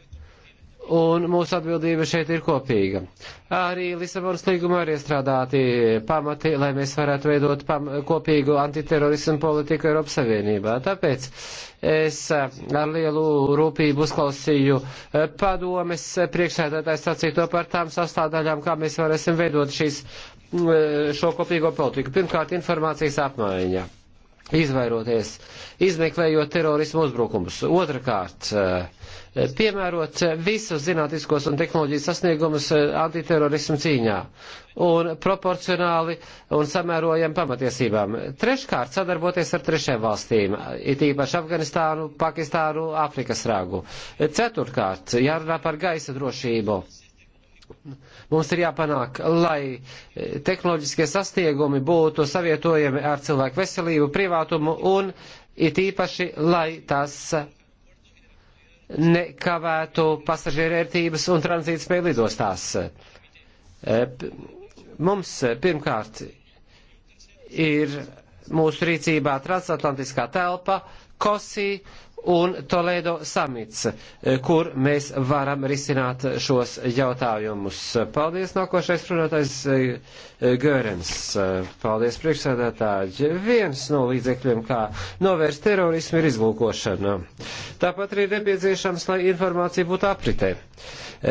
Un mūsu atbildība šeit ir kopīga. Arī Lisabonas līgumā ir iestrādāti pamati, lai mēs varētu veidot pam kopīgu antiterorismu politiku Eiropas Savienībā. Tāpēc es e, ar lielu rūpību uzklausīju e, padomes priekšsēdētājs sacīto par tām sastāvdaļām, kā mēs varēsim veidot šīs šo kopīgo politiku. Pirmkārt, informācijas apmaiņa. Izvairoties, izmeklējot terorismu uzbrukumus. Otrakārt, eh, piemērot visus zinātniskos un tehnoloģijas sasniegumus eh, antiterorismu cīņā un proporcionāli un samērojam pamatiesībām. Treškārt, sadarboties ar trešajām valstīm, it īpaši Afganistānu, Pakistānu, Afrikas rāgu. Ceturtkārt, jārunā par gaisa drošību Mums ir jāpanāk, lai e, tehnoloģiskie sasniegumi būtu savietojami ar cilvēku veselību, privātumu un it īpaši, lai tas nekavētu pasažieru ērtības un tranzītas spēju lidostās. E, mums e, pirmkārt ir mūsu rīcībā transatlantiskā telpa, kosī un Toledo samits, eh, kur mēs varam risināt šos jautājumus. Paldies, nākošais runātais eh, eh, Görens. Paldies, priekšsēdētāji. Viens no līdzekļiem, kā novērst terorismu, ir izlūkošana. Tāpat arī nepieciešams, lai informācija būtu apritē.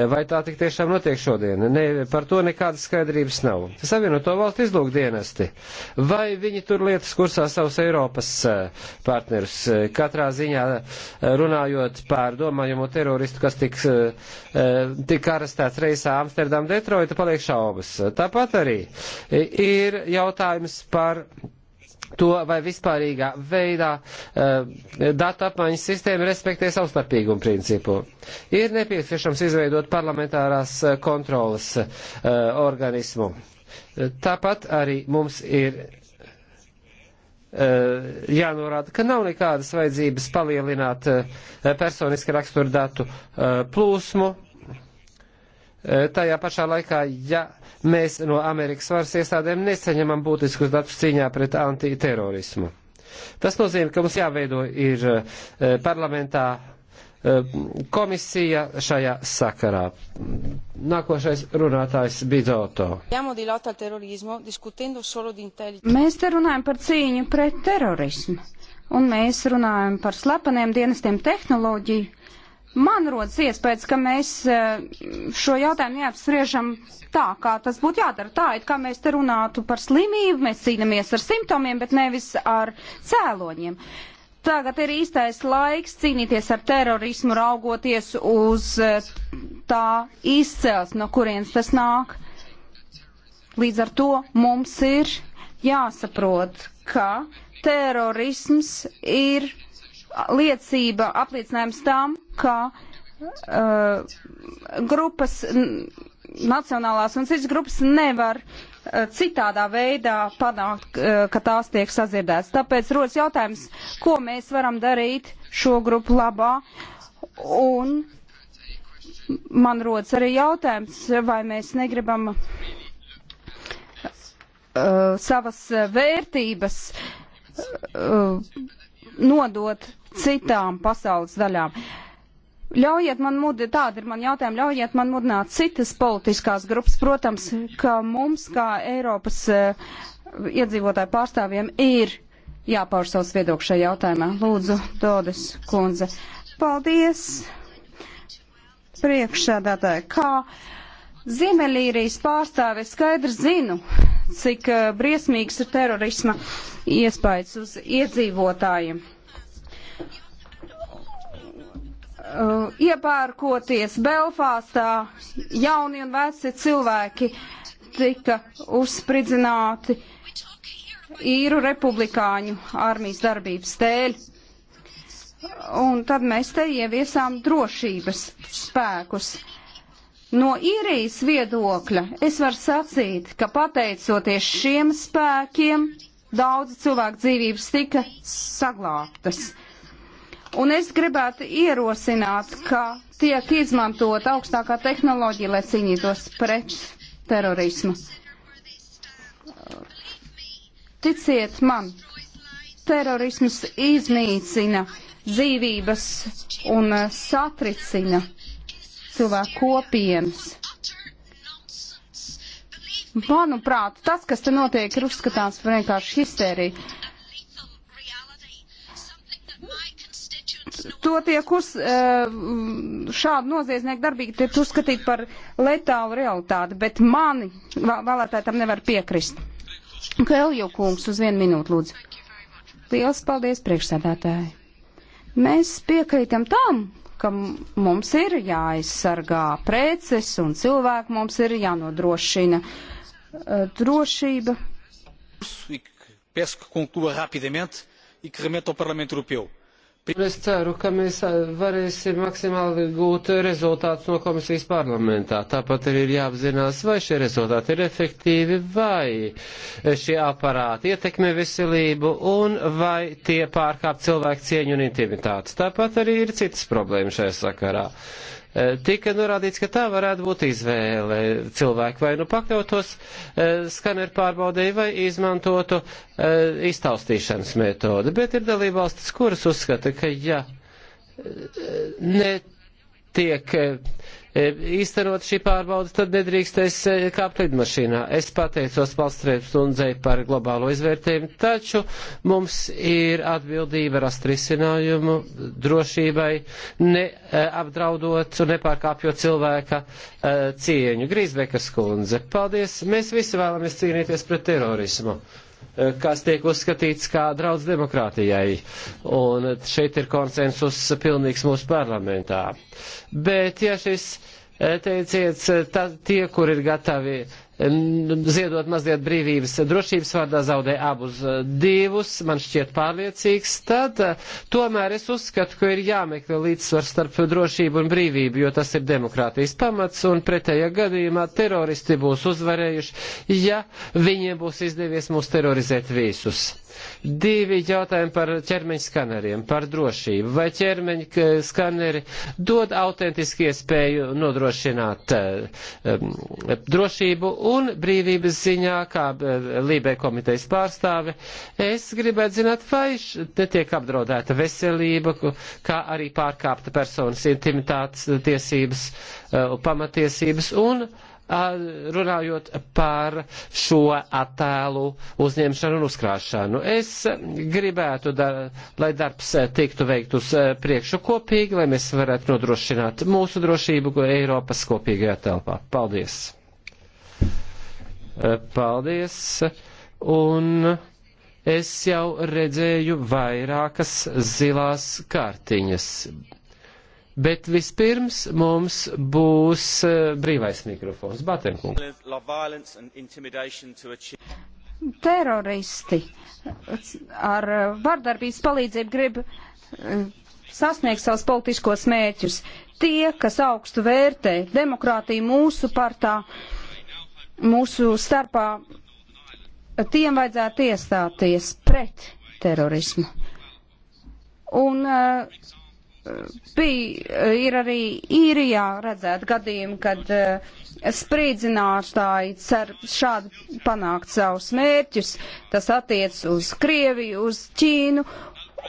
Vai tā tik tiešām notiek šodien? Ne, par to nekādas skaidrības nav. Savienoto valstu izlūkdienesti. Vai viņi tur lietas kursā savus Eiropas partnerus? Katrā ziņā runājot par domājamo teroristu, kas tiks, eh, tika arestēts reisā Amsterdam Detroita, paliek šaubas. Tāpat arī ir jautājums par to, vai vispārīgā veidā uh, datu apmaiņas sistēma respektē savstarpīgumu principu. Ir nepieciešams izveidot parlamentārās eh, kontrolas uh, organismu. Tāpat arī mums ir Eh, jānorāda, ka nav nekādas vajadzības palielināt eh, personiski raksturu datu eh, plūsmu. Tajā pašā laikā, ja mēs no Amerikas varas iestādēm nesaņemam būtiskus datus cīņā pret antiterorismu. Tas nozīmē, ka mums jāveido ir parlamentā Eh, komisija šajā sakarā. Nākošais runātājs Bidoto. Mēs te runājam par cīņu pret terorismu, un mēs runājam par slepeniem dienestiem tehnoloģiju. Man rodas iespējas, ka mēs eh, šo jautājumu neapspriežam tā, kā tas būtu jādara. Tā, it kā mēs te runātu par slimību, mēs cīnāmies ar simptomiem, bet nevis ar cēloņiem. Uh, Tagad ir īstais laiks cīnīties ar terorismu, raugoties uz eh, tā izcels, no kurienes tas nāk. Līdz ar to mums ir jāsaprot, ka terorisms ir liecība, apliecinājums tam, ka uh, grupas, nacionālās un citas grupas nevar uh, Eh, citādā veidā panākt, eh, ka tās tiek sadzirdētas. Tāpēc rodas jautājums, ko mēs varam darīt šo grupu labā. Un man rodas arī jautājums, vai mēs negribam uh, savas vērtības uh, nodot citām pasaules daļām. Uh, Ļaujiet man mudināt, tāda ir man jautājuma, ļaujiet man mudināt citas politiskās grupas, protams, ka mums kā Eiropas uh, iedzīvotāju pārstāvjiem ir jāpauž savs viedoklis šajā jautājumā. Lūdzu, Dodas kundze. Paldies, priekšsēdētāji. Kā Ziemeļīrijas pārstāve skaidri zinu, cik uh, briesmīgs ir terorisma iespējas uz iedzīvotājiem. uh, iepērkoties Belfāstā, jauni un veci cilvēki tika uzspridzināti īru republikāņu armijas darbības dēļ. Un tad mēs te ieviesām drošības spēkus. No īrijas viedokļa es varu sacīt, ka pateicoties šiem spēkiem, daudzi cilvēku dzīvības tika saglābtas. Uh, Un es gribētu ierosināt, ka tiek izmantot augstākā tehnoloģija, lai cīnītos pret terorismu. Ticiet man, terorisms iznīcina dzīvības un eh, satricina cilvēku kopienas. Manuprāt, tas, kas te notiek, ir uzskatāms par vienkārši histēriju to eh, tiek uz, šādu noziedznieku darbību tiek uzskatīt par letālu realitāti, bet mani vēlētāji tam nevar piekrist. Kēlju kungs uz vienu minūtu lūdzu. Liels paldies priekšsēdētāji. Mēs piekrītam tam, ka mums ir jāaizsargā preces un cilvēku mums ir jānodrošina uh, drošība. Peço que conclua rapidamente e que remeta ao Parlamento Europeu. Es ceru, ka mēs varēsim maksimāli gūt rezultātus no komisijas parlamentā. Tāpat arī ir jāapzinās, vai šie rezultāti ir efektīvi, vai šie aparāti ietekmē veselību, un vai tie pārkāp cilvēku cieņu un intimitātes. Tāpat arī ir citas problēmas šajā sakarā. Eh, tika norādīts, ka tā varētu būt izvēle. Cilvēki vai nu pakļautos eh, skaneru pārbaudēji vai izmantotu eh, iztaustīšanas metodi, bet ir dalībvalstis, kuras uzskata, ka ja ne tiek eh, eh, īstenot šī pārbauda, tad nedrīkstēs eh, kāpt lidmašīnā. Es pateicos Palstrēps kundzei par globālo izvērtējumu, taču mums ir atbildība rast risinājumu drošībai, neapdraudot un nepārkāpjot cilvēka cieņu. Grīsbekas kundze, paldies! Mēs visi vēlamies cīnīties pret terorismu. Eh, kas tiek uzskatīts kā draudz demokrātijai. Un šeit ir konsensus pilnīgs mūsu parlamentā. Bet, ja šis eh, teiciet, eh, tie, kur ir gatavi ziedot mazliet brīvības drošības vārdā, zaudē abus eh, divus, man šķiet pārliecīgs, tad eh, tomēr es uzskatu, ka ir jāmeklē līdzsvars starp drošību un brīvību, jo tas ir demokrātijas pamats, un pretējā gadījumā teroristi būs uzvarējuši, ja viņiem būs izdevies mūs terorizēt visus. Divi jautājumi par ķermeņa skaneriem, par drošību. Vai ķermeņa eh, skaneri dod autentiski iespēju nodrošināt um, drošību un brīvības ziņā, kā e, Lībē komitejas pārstāve, es gribētu zināt, vai netiek apdraudēta veselība, kā arī pārkāpta personas intimitātes tiesības, e, pamatiesības un runājot par šo attēlu uzņemšanu un uzkrāšanu. Es gribētu, dar, lai darbs tiktu veikt uz e, priekšu kopīgi, lai mēs varētu nodrošināt mūsu drošību Eiropas kopīgajā telpā. Paldies! Eh, paldies! Un es jau redzēju vairākas zilās kartiņas. Bet vispirms mums būs eh, brīvais mikrofons. Batenkungs. Teroristi ar vardarbības palīdzību grib eh, sasniegt savus politiskos mēķus. Tie, kas augstu vērtē demokrātiju mūsu partā, uh, mūsu starpā tiem vajadzētu iestāties pret terorismu. Un uh, bija, ir arī īrijā redzēt gadījumi, kad uh, eh, sprīdzinātāji cer šādi panākt savus mērķus. Tas attiec uz Krieviju, uz Ķīnu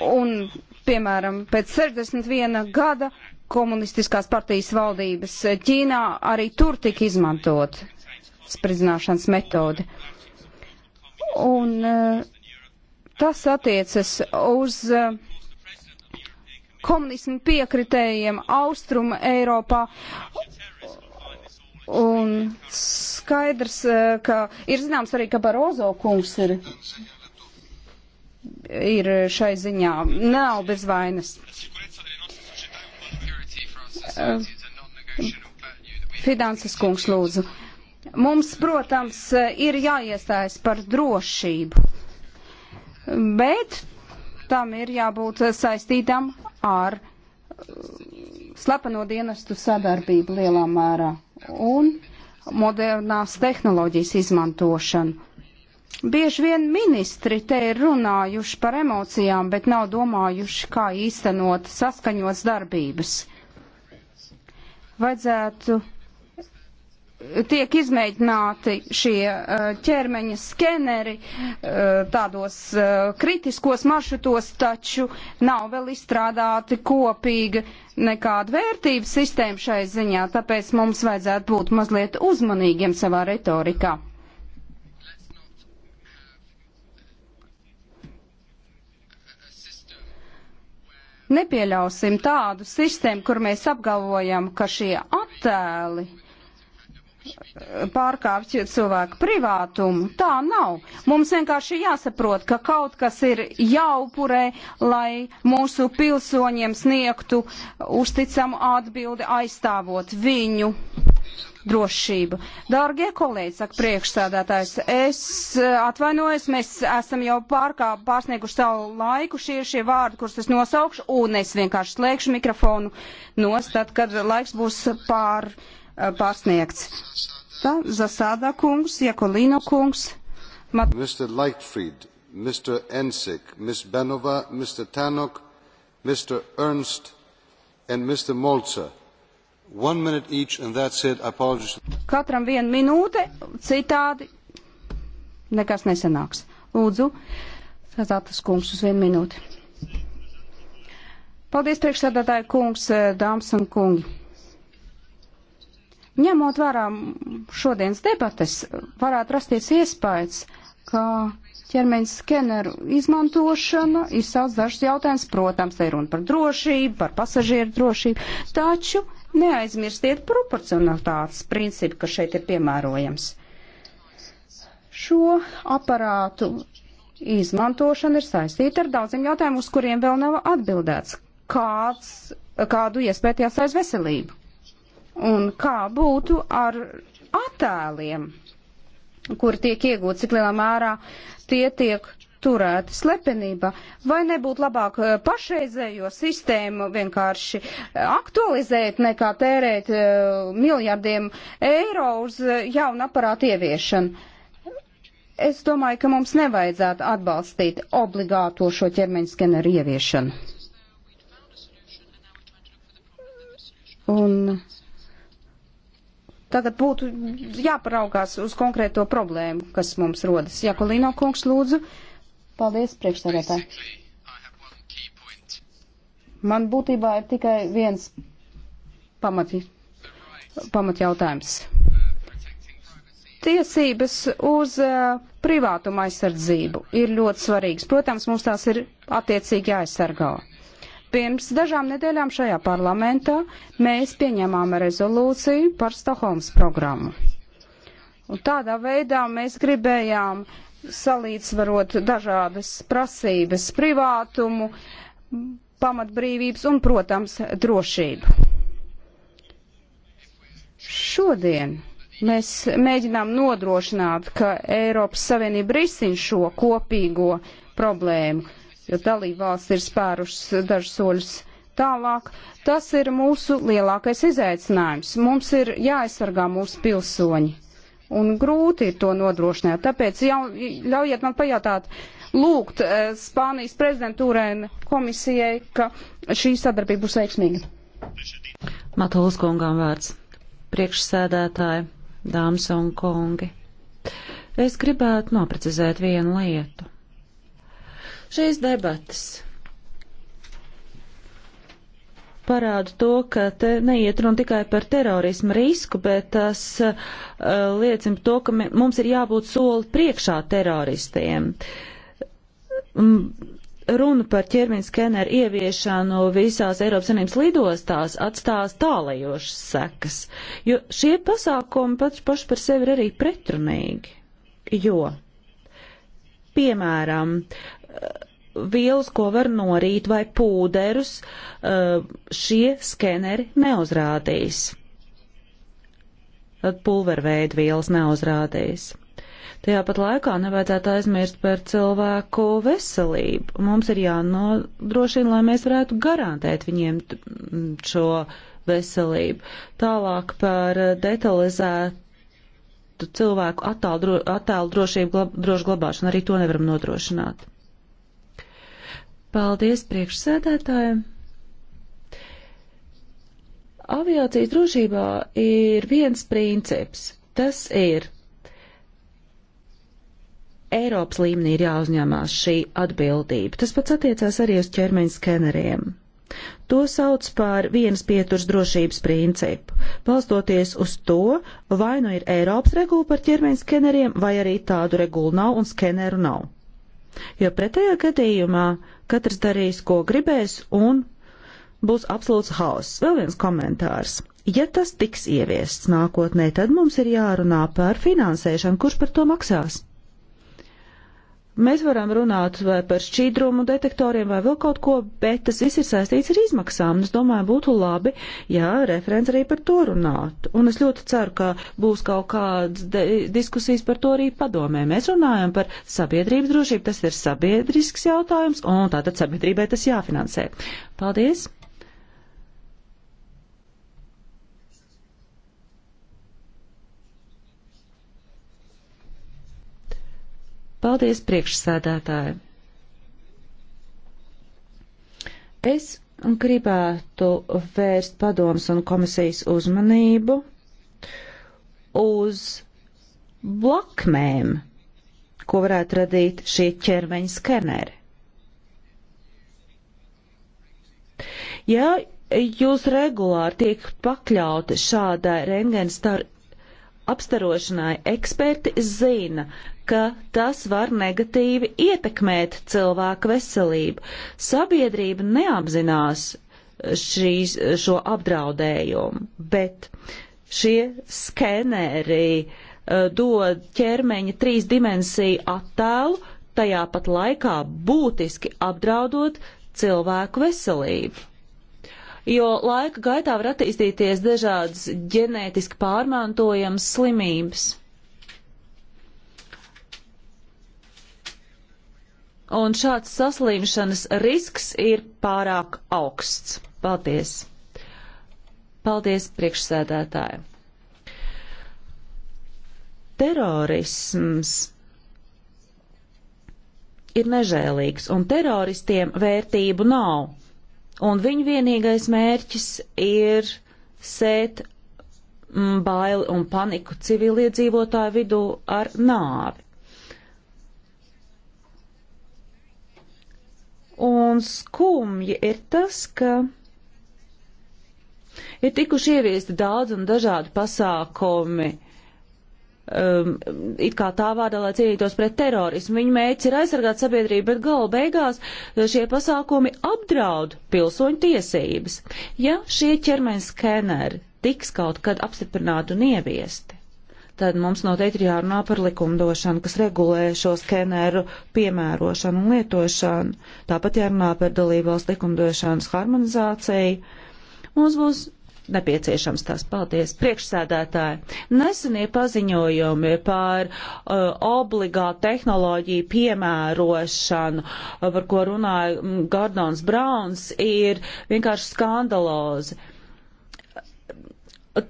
un, piemēram, pēc 61 gada komunistiskās partijas valdības Ķīnā arī tur tika izmantot spridzināšanas metodi. Un eh, tas attiecas uz eh, komunismu piekritējiem Austruma Eiropā. Un skaidrs, eh, ka ir zināms arī, ka Barozo kungs ir, ir šai ziņā nav bez vainas. Fidanses kungs lūdzu. Uh, Mums, protams, ir jāiestājas par drošību, bet tam ir jābūt saistītam ar uh, slepeno dienestu sadarbību lielā mērā un modernās tehnoloģijas izmantošanu. Bieži vien ministri te ir runājuši par emocijām, bet nav domājuši, kā īstenot saskaņots darbības. Vajadzētu tiek izmēģināti šie eh, ķermeņa skeneri eh, tādos eh, kritiskos maršrutos, taču nav vēl izstrādāti kopīga nekāda vērtības sistēma šai ziņā, tāpēc mums vajadzētu būt mazliet uzmanīgiem savā retorikā. Nepieļausim tādu sistēmu, kur mēs apgalvojam, ka šie attēli pārkāpj cilvēku privātumu. Tā nav. Mums vienkārši jāsaprot, ka kaut kas ir jāupurē, lai mūsu pilsoņiem sniegtu uzticamu atbildi aizstāvot viņu drošību. Dārgie kolēģi, saka priekšsādātājs, es eh, atvainojos, mēs esam jau pārkā, pārsnieguši savu laiku šie šie vārdi, kurus es nosaukšu, un es vienkārši slēgšu mikrofonu nost, tad, kad laiks būs pār Eh, pārsniegts. Tā, Zasādā kungs, Jekolino kungs. Mat Mr. Lightfried, Mr. Ensik, Ms. Benova, Mr. Tanok, Mr. Ernst and Mr. Molzer. One minute each and that's it. Apologies. Katram viena minūte, citādi nekas nesanāks. Lūdzu, Zasādas kungs uz vienu minūti. Paldies, priekšsēdētāji kungs, eh, dāmas un kungi. Ņemot vērā šodienas debates, varētu rasties iespējas, ka ķermeņa skeneru izmantošana izsauc dažus jautājumus. Protams, te ir runa par drošību, par pasažieru drošību, taču neaizmirstiet proporcionalitātes principu, kas šeit ir piemērojams. Šo aparātu izmantošana ir saistīta ar daudziem jautājumiem, uz kuriem vēl nav atbildēts. Kāds, kādu iespēju jāsaiz veselību? Un kā būtu ar attēliem, kur tiek iegūti, cik lielā mērā tie tiek turēti slepenībā, vai nebūtu labāk eh, pašreizējo sistēmu vienkārši eh, aktualizēt, nekā tērēt eh, miljardiem eiro uz jaunu aparātu ieviešanu? Es domāju, ka mums nevajadzētu atbalstīt obligāto šo ķermeņa skeneru ieviešanu. Un tagad būtu jāparaugās uz konkrēto problēmu, kas mums rodas. Jakolino kungs, lūdzu. Paldies, priekšstādētāji. Man būtībā ir tikai viens pamati, pamatjautājums. Tiesības uz uh, privātuma aizsardzību ir ļoti svarīgas. Protams, mums tās ir attiecīgi jāaizsargā. Pirms dažām nedēļām šajā parlamentā mēs pieņemām rezolūciju par Stokholmas programmu. Un tādā veidā mēs gribējām salīdzvarot dažādas prasības - privātumu, pamatbrīvības un, protams, drošību. Šodien mēs mēģinām nodrošināt, ka Eiropas Savienība risina šo kopīgo problēmu jo dalībvalsts ir spērušas dažus soļus tālāk. Tas ir mūsu lielākais izaicinājums. Mums ir jāaizsargā mūsu pilsoņi. Un grūti ir to nodrošināt. Tāpēc jau, ļaujiet man pajautāt, lūgt eh, Spānijas prezidentūrai un komisijai, ka šī sadarbība būs veiksmīga. Matūlas kungām vārds. Priekšsēdētāji, dāmas un kungi. Es gribētu noprecizēt vienu lietu. Šīs debatas parāda to, ka te neiet runa tikai par terorismu risku, bet tas uh, liecina to, ka mums ir jābūt soli priekšā teroristiem. Mm, runa par ķermeņa skeneru ieviešanu visās Eiropas Savienības lidostās atstās tālajošas sekas, jo šie pasākumi paši, paši par sevi ir arī pretrunīgi, jo, piemēram, vielas, ko var norīt, vai pūderus, eh, šie skeneri neuzrādīs. Tad pulverveidu vielas neuzrādīs. Tajā pat laikā nevajadzētu aizmirst par cilvēku veselību. Mums ir jānodrošina, lai mēs varētu garantēt viņiem šo veselību. Tālāk par detalizētu cilvēku attēlu drošību, drošu glabāšanu arī to nevaram nodrošināt. Paldies priekšsēdētājiem! Aviācijas drošībā ir viens princips. Tas ir Eiropas līmenī ir jāuzņemās šī atbildība. Tas pats attiecās arī uz ķermeņa skeneriem. To sauc par vienas pieturas drošības principu, balstoties uz to, vai nu ir Eiropas regula par ķermeņa skeneriem, vai arī tādu regulu nav un skeneru nav. Jo pretējā gadījumā katrs darīs, ko gribēs, un būs absolūts hauss. Vēl viens komentārs. Ja tas tiks ieviests nākotnē, tad mums ir jārunā par finansēšanu, kurš par to maksās. Mēs varam runāt vai par šķīdrumu detektoriem vai vēl kaut ko, bet tas viss ir saistīts ar izmaksām. Es domāju, būtu labi, ja referents arī par to runātu. Un es ļoti ceru, ka būs kaut kādas diskusijas par to arī padomē. Mēs runājam par sabiedrības drošību, tas ir sabiedrisks jautājums, un tātad sabiedrībai tas jāfinansē. Paldies! Paldies, priekšsēdētāji! Es gribētu vērst padoms un komisijas uzmanību uz blakmēm, ko varētu radīt šie ķermeņa skeneri. Ja jūs regulāri tiek pakļauti šādai rengēnstaru apstarošanai eksperti zina, ka tas var negatīvi ietekmēt cilvēku veselību. Sabiedrība neapzinās šīs, šo apdraudējumu, bet šie skeneri uh, dod ķermeņa trīs dimensiju attēlu, tajā pat laikā būtiski apdraudot cilvēku veselību jo laika gaitā var attīstīties dažādas ģenētiski pārmantojamas slimības. Un šāds saslimšanas risks ir pārāk augsts. Paldies! Paldies, priekšsēdētāji! Terorisms ir nežēlīgs, un teroristiem vērtību nav un viņu vienīgais mērķis ir sēt mm, baili un paniku civiliedzīvotāju vidū ar nāvi. Un skumji ir tas, ka ir tikuši ieviesti daudz un dažādi pasākumi um, it kā tā vārdā, lai cīnītos pret terorismu. Viņa mērķis ir aizsargāt sabiedrību, bet gala beigās uh, šie pasākumi apdraud pilsoņu tiesības. Ja šie ķermeņa skeneri tiks kaut kad apstiprināti un ieviesti, tad mums noteikti ir jārunā par likumdošanu, kas regulē šo skeneru piemērošanu un lietošanu. Tāpat jārunā par dalībvalsts likumdošanas harmonizāciju. Mums būs nepieciešams tās paldies. Priekšsēdētāji, nesenie paziņojumi par uh, obligātu tehnoloģiju piemērošanu, uh, par ko runāja mm, Gordons Brauns, ir vienkārši skandalozi.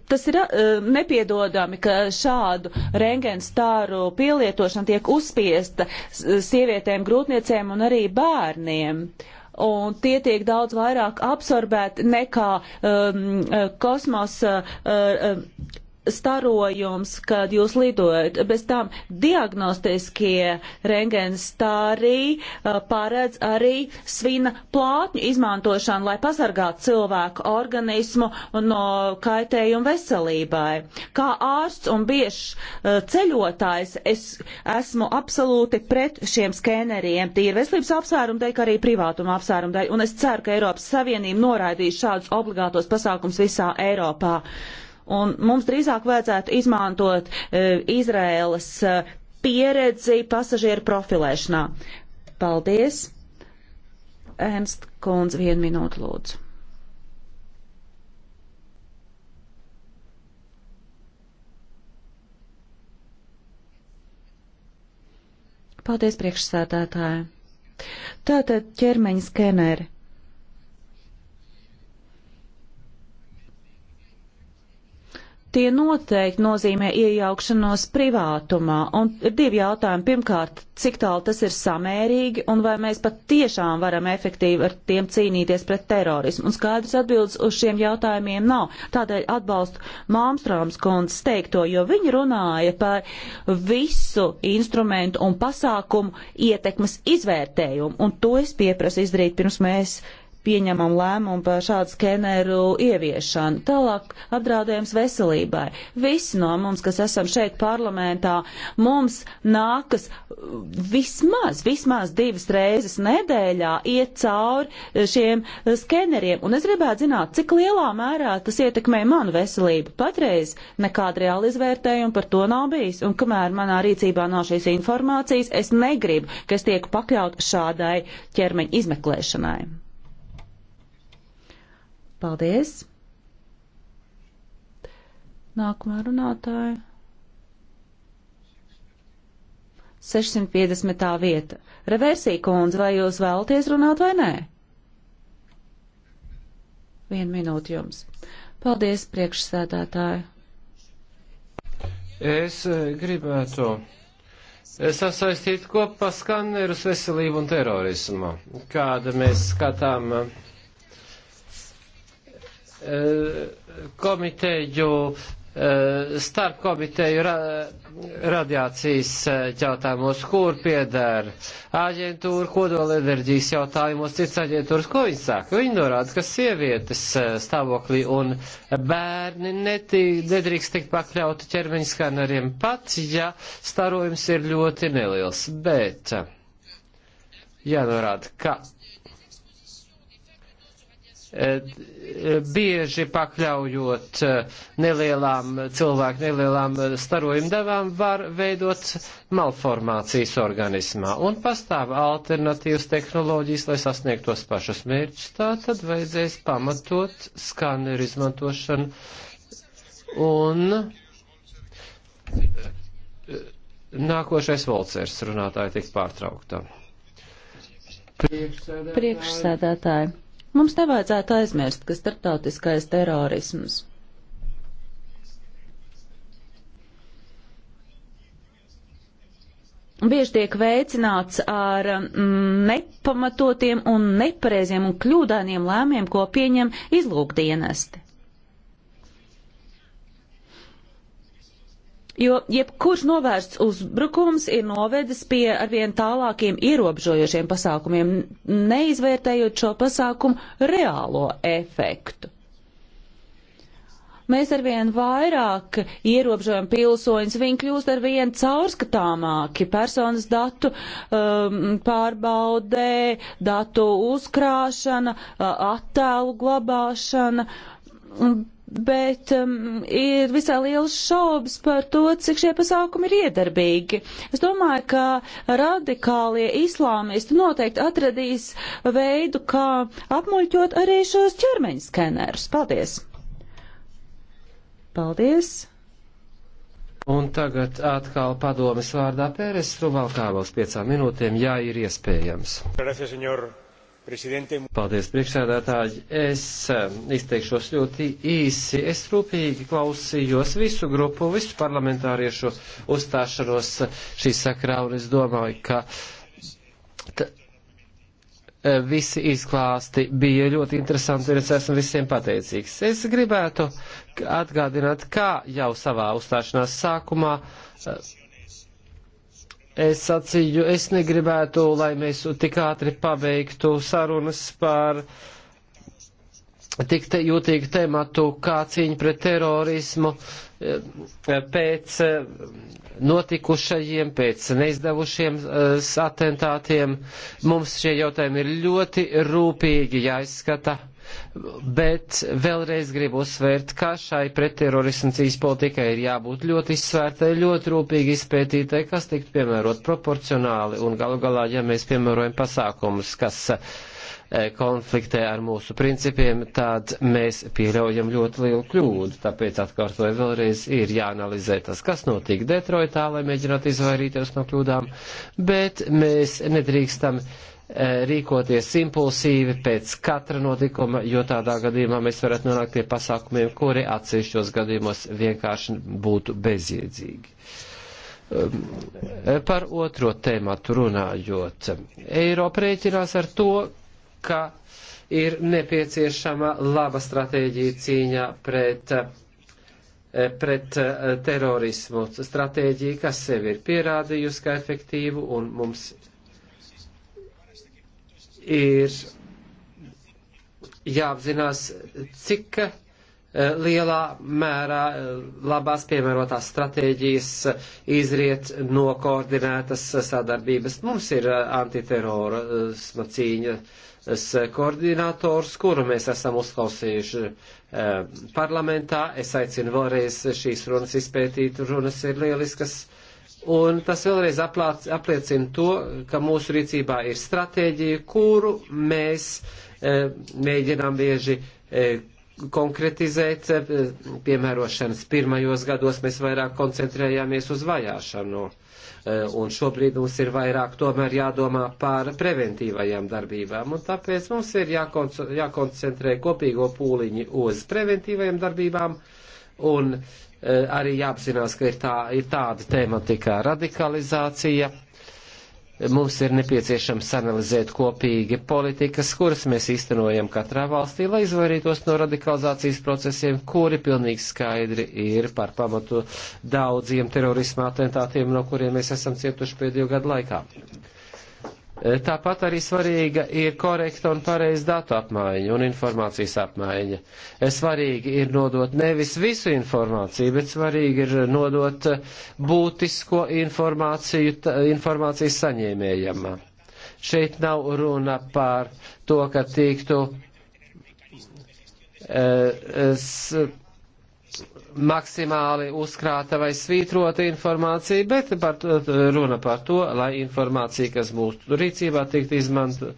Tas ir uh, nepiedodami, ka šādu rengenstāru pielietošana tiek uzspiesta sievietēm, grūtniecēm un arī bērniem. Uh, un tie tiek daudz vairāk absorbēti nekā um, eh, kosmosa. Uh, um, starojums, kad jūs lidojat. Bez tam diagnostiskie rengens stārī paredz arī svina plātņu izmantošanu, lai pasargātu cilvēku organismu no kaitējuma veselībai. Kā ārsts un biežs ceļotājs es esmu absolūti pret šiem skēneriem, tīri veselības apsvērumu dēļ, kā arī privātuma apsvērumu dēļ, un es ceru, ka Eiropas Savienība noraidīs šādus obligātos pasākums visā Eiropā. Uh, Un mums drīzāk vajadzētu izmantot e, Izraēlas e, pieredzi pasažieru profilēšanā. Paldies! Ernst Kunz, vienu minūtu lūdzu. Paldies, priekšsēdētāji. Tātad ķermeņa skeneri. tie noteikti nozīmē iejaukšanos privātumā. Un ir divi jautājumi. Pirmkārt, cik tālu tas ir samērīgi un vai mēs pat tiešām varam efektīvi ar tiem cīnīties pret terorismu. Un skaidrs atbildes uz šiem jautājumiem nav. Tādēļ atbalstu Māmstrāms kundzes teikto, jo viņi runāja par visu instrumentu un pasākumu ietekmes izvērtējumu. Un to es pieprasu izdarīt pirms mēs pieņemam lēmumu par šādu skeneru ieviešanu. Tālāk apdraudējums veselībai. Visi no mums, kas esam šeit parlamentā, mums nākas vismaz, vismaz divas reizes nedēļā iet cauri šiem skeneriem. Un es gribētu zināt, cik lielā mērā tas ietekmē manu veselību. Patreiz nekāda reāla izvērtējuma par to nav bijis. Un kamēr manā rīcībā nav šīs informācijas, es negribu, ka es tieku pakļaut šādai ķermeņa izmeklēšanai. Paldies! Nākamā runātāja. 650. vieta. Reversī kundze, vai jūs vēlaties runāt vai nē? Vienu minūti jums. Paldies, priekšsēdētāji. Es eh, gribētu sasaistīt kopā skanerus veselību un terorismu, kāda mēs skatām. Uh, Eh, komiteju, eh, starp komiteju radiācijas eh, jautājumos, kur piedara aģentūra, kodolenerģijas jautājumos, cits aģentūras, ko viņi saka? Viņi norāda, ka sievietes stāvoklī un bērni netī, nedrīkst tikt pakļauti ķermeņa skaneriem pat, ja starojums ir ļoti neliels, bet jānorāda, ka Eh, bieži pakļaujot eh, nelielām cilvēku, nelielām eh, starojuma devām, var veidot malformācijas organismā. Un pastāv alternatīvas tehnoloģijas, lai sasniegtu tos pašus mērķus. Tā tad vajadzēs pamatot skaneru izmantošanu un nākošais volcers runātāji tik pārtraukta. Priekšsēdētāji. Priekšsēdētāji Mums nevajadzētu aizmirst, ka starptautiskais terorisms bieži tiek veicināts ar mm, nepamatotiem un nepareiziem un kļūdainiem lēmiem, ko pieņem izlūkdienesti. Jo jebkurš novērsts uzbrukums ir novedis pie arvien tālākiem ierobežojošiem pasākumiem, neizvērtējot šo pasākumu reālo efektu. Mēs arvien vairāk ierobežojam pilsoņus, viņi kļūst arvien caurskatāmāki personas datu um, pārbaudē, datu uzkrāšana, attēlu glabāšana bet um, ir visai liels šaubas par to, cik šie pasākumi ir iedarbīgi. Es domāju, ka radikālie islāmisti noteikti atradīs veidu, kā apmuļķot arī šos ķermeņa skenerus. Paldies! Paldies! Un tagad atkal padomis vārdā Pēres Rubalkāvos piecām minūtēm, jā, ir iespējams. Gracias, señor Paldies, priekšsēdētāji. Es eh, izteikšos ļoti īsi. Es rūpīgi klausījos visu grupu, visu parlamentāriešu uzstāšanos šī sakrā, un es domāju, ka eh, visi izklāsti bija ļoti interesanti, un es esmu visiem pateicīgs. Es gribētu atgādināt, kā jau savā uzstāšanās sākumā. Uh, Es sacīju, es negribētu, lai mēs tik ātri pabeigtu sarunas par tik te jūtīgu tematu kā cīņa pret terorismu eh, pēc eh, notikušajiem, pēc neizdevušiem eh, atentātiem. Mums šie jautājumi ir ļoti rūpīgi jāizskata. Ja bet vēlreiz gribu uzsvērt, ka šai pretterorismu cīņas politikai ir jābūt ļoti izsvērtai, ļoti rūpīgi izpētītai, kas tiktu piemērot proporcionāli un galu galā, ja mēs piemērojam pasākumus, kas e, konfliktē ar mūsu principiem, tad mēs pieļaujam ļoti lielu kļūdu. Tāpēc atkārtoju vēlreiz, ir jāanalizē tas, kas notika Detroitā, lai mēģinātu izvairīties no kļūdām, bet mēs nedrīkstam uh, Eh, rīkoties impulsīvi pēc katra notikuma, jo tādā gadījumā mēs varētu nonākt pie pasākumiem, kuri atsevišķos gadījumos vienkārši būtu bezjēdzīgi. Um, eh, par otro tēmatu runājot, Eiropa rēķinās ar to, ka ir nepieciešama laba stratēģija cīņā pret eh, pret terorismu stratēģiju, kas sevi ir pierādījusi kā efektīvu, un mums ir jāapzinās, cik eh, lielā mērā eh, labās piemērotās stratēģijas eh, izriet no koordinētas sadarbības. Mums ir antiterorisma cīņas koordinators, kuru mēs esam uzklausījuši parlamentā. Es aicinu vēlreiz šīs runas izpētīt. Runas ir lieliskas Un tas vēlreiz aplāc, apliecina to, ka mūsu rīcībā ir stratēģija, kuru mēs e, mēģinām bieži e, konkretizēt. E, piemērošanas pirmajos gados mēs vairāk koncentrējāmies uz vajāšanu. E, un šobrīd mums ir vairāk tomēr jādomā par preventīvajām darbībām. Un tāpēc mums ir jākoncentrē kopīgo pūliņi uz preventīvajām darbībām. E, un eh, arī jāapzinās, ka ir, tā, ir tāda tematika radikalizācija. Mums ir nepieciešams analizēt kopīgi politikas, kuras mēs īstenojam katrā valstī, lai izvairītos no radikalizācijas procesiem, kuri pilnīgi skaidri ir par pamatu daudziem terorisma atentātiem, no kuriem mēs esam cietuši pēdējo gadu laikā. Tāpat arī svarīga ir korekta un pareiza datu apmaiņa un informācijas apmaiņa. Svarīgi ir nodot nevis visu informāciju, bet svarīgi ir nodot būtisko informāciju, informācijas saņēmējam. Šeit nav runa par to, ka tiktu. Uh, eh, es, maksimāli uzkrāta vai svītrota informācija, bet par to, runa par to, lai informācija, kas mūsu rīcībā, tiktu izmanto,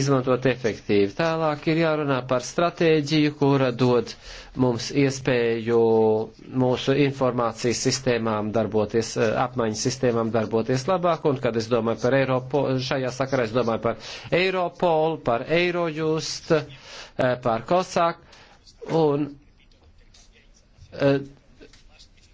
izmantot efektīvi. Tālāk ir jārunā par stratēģiju, kura dod mums iespēju mūsu informācijas sistēmām darboties, apmaiņas sistēmām darboties labāk, un kad es domāju par Eiropo, šajā sakarā es domāju par Eiropolu, par Eirojust, par Kosāk, un Uh,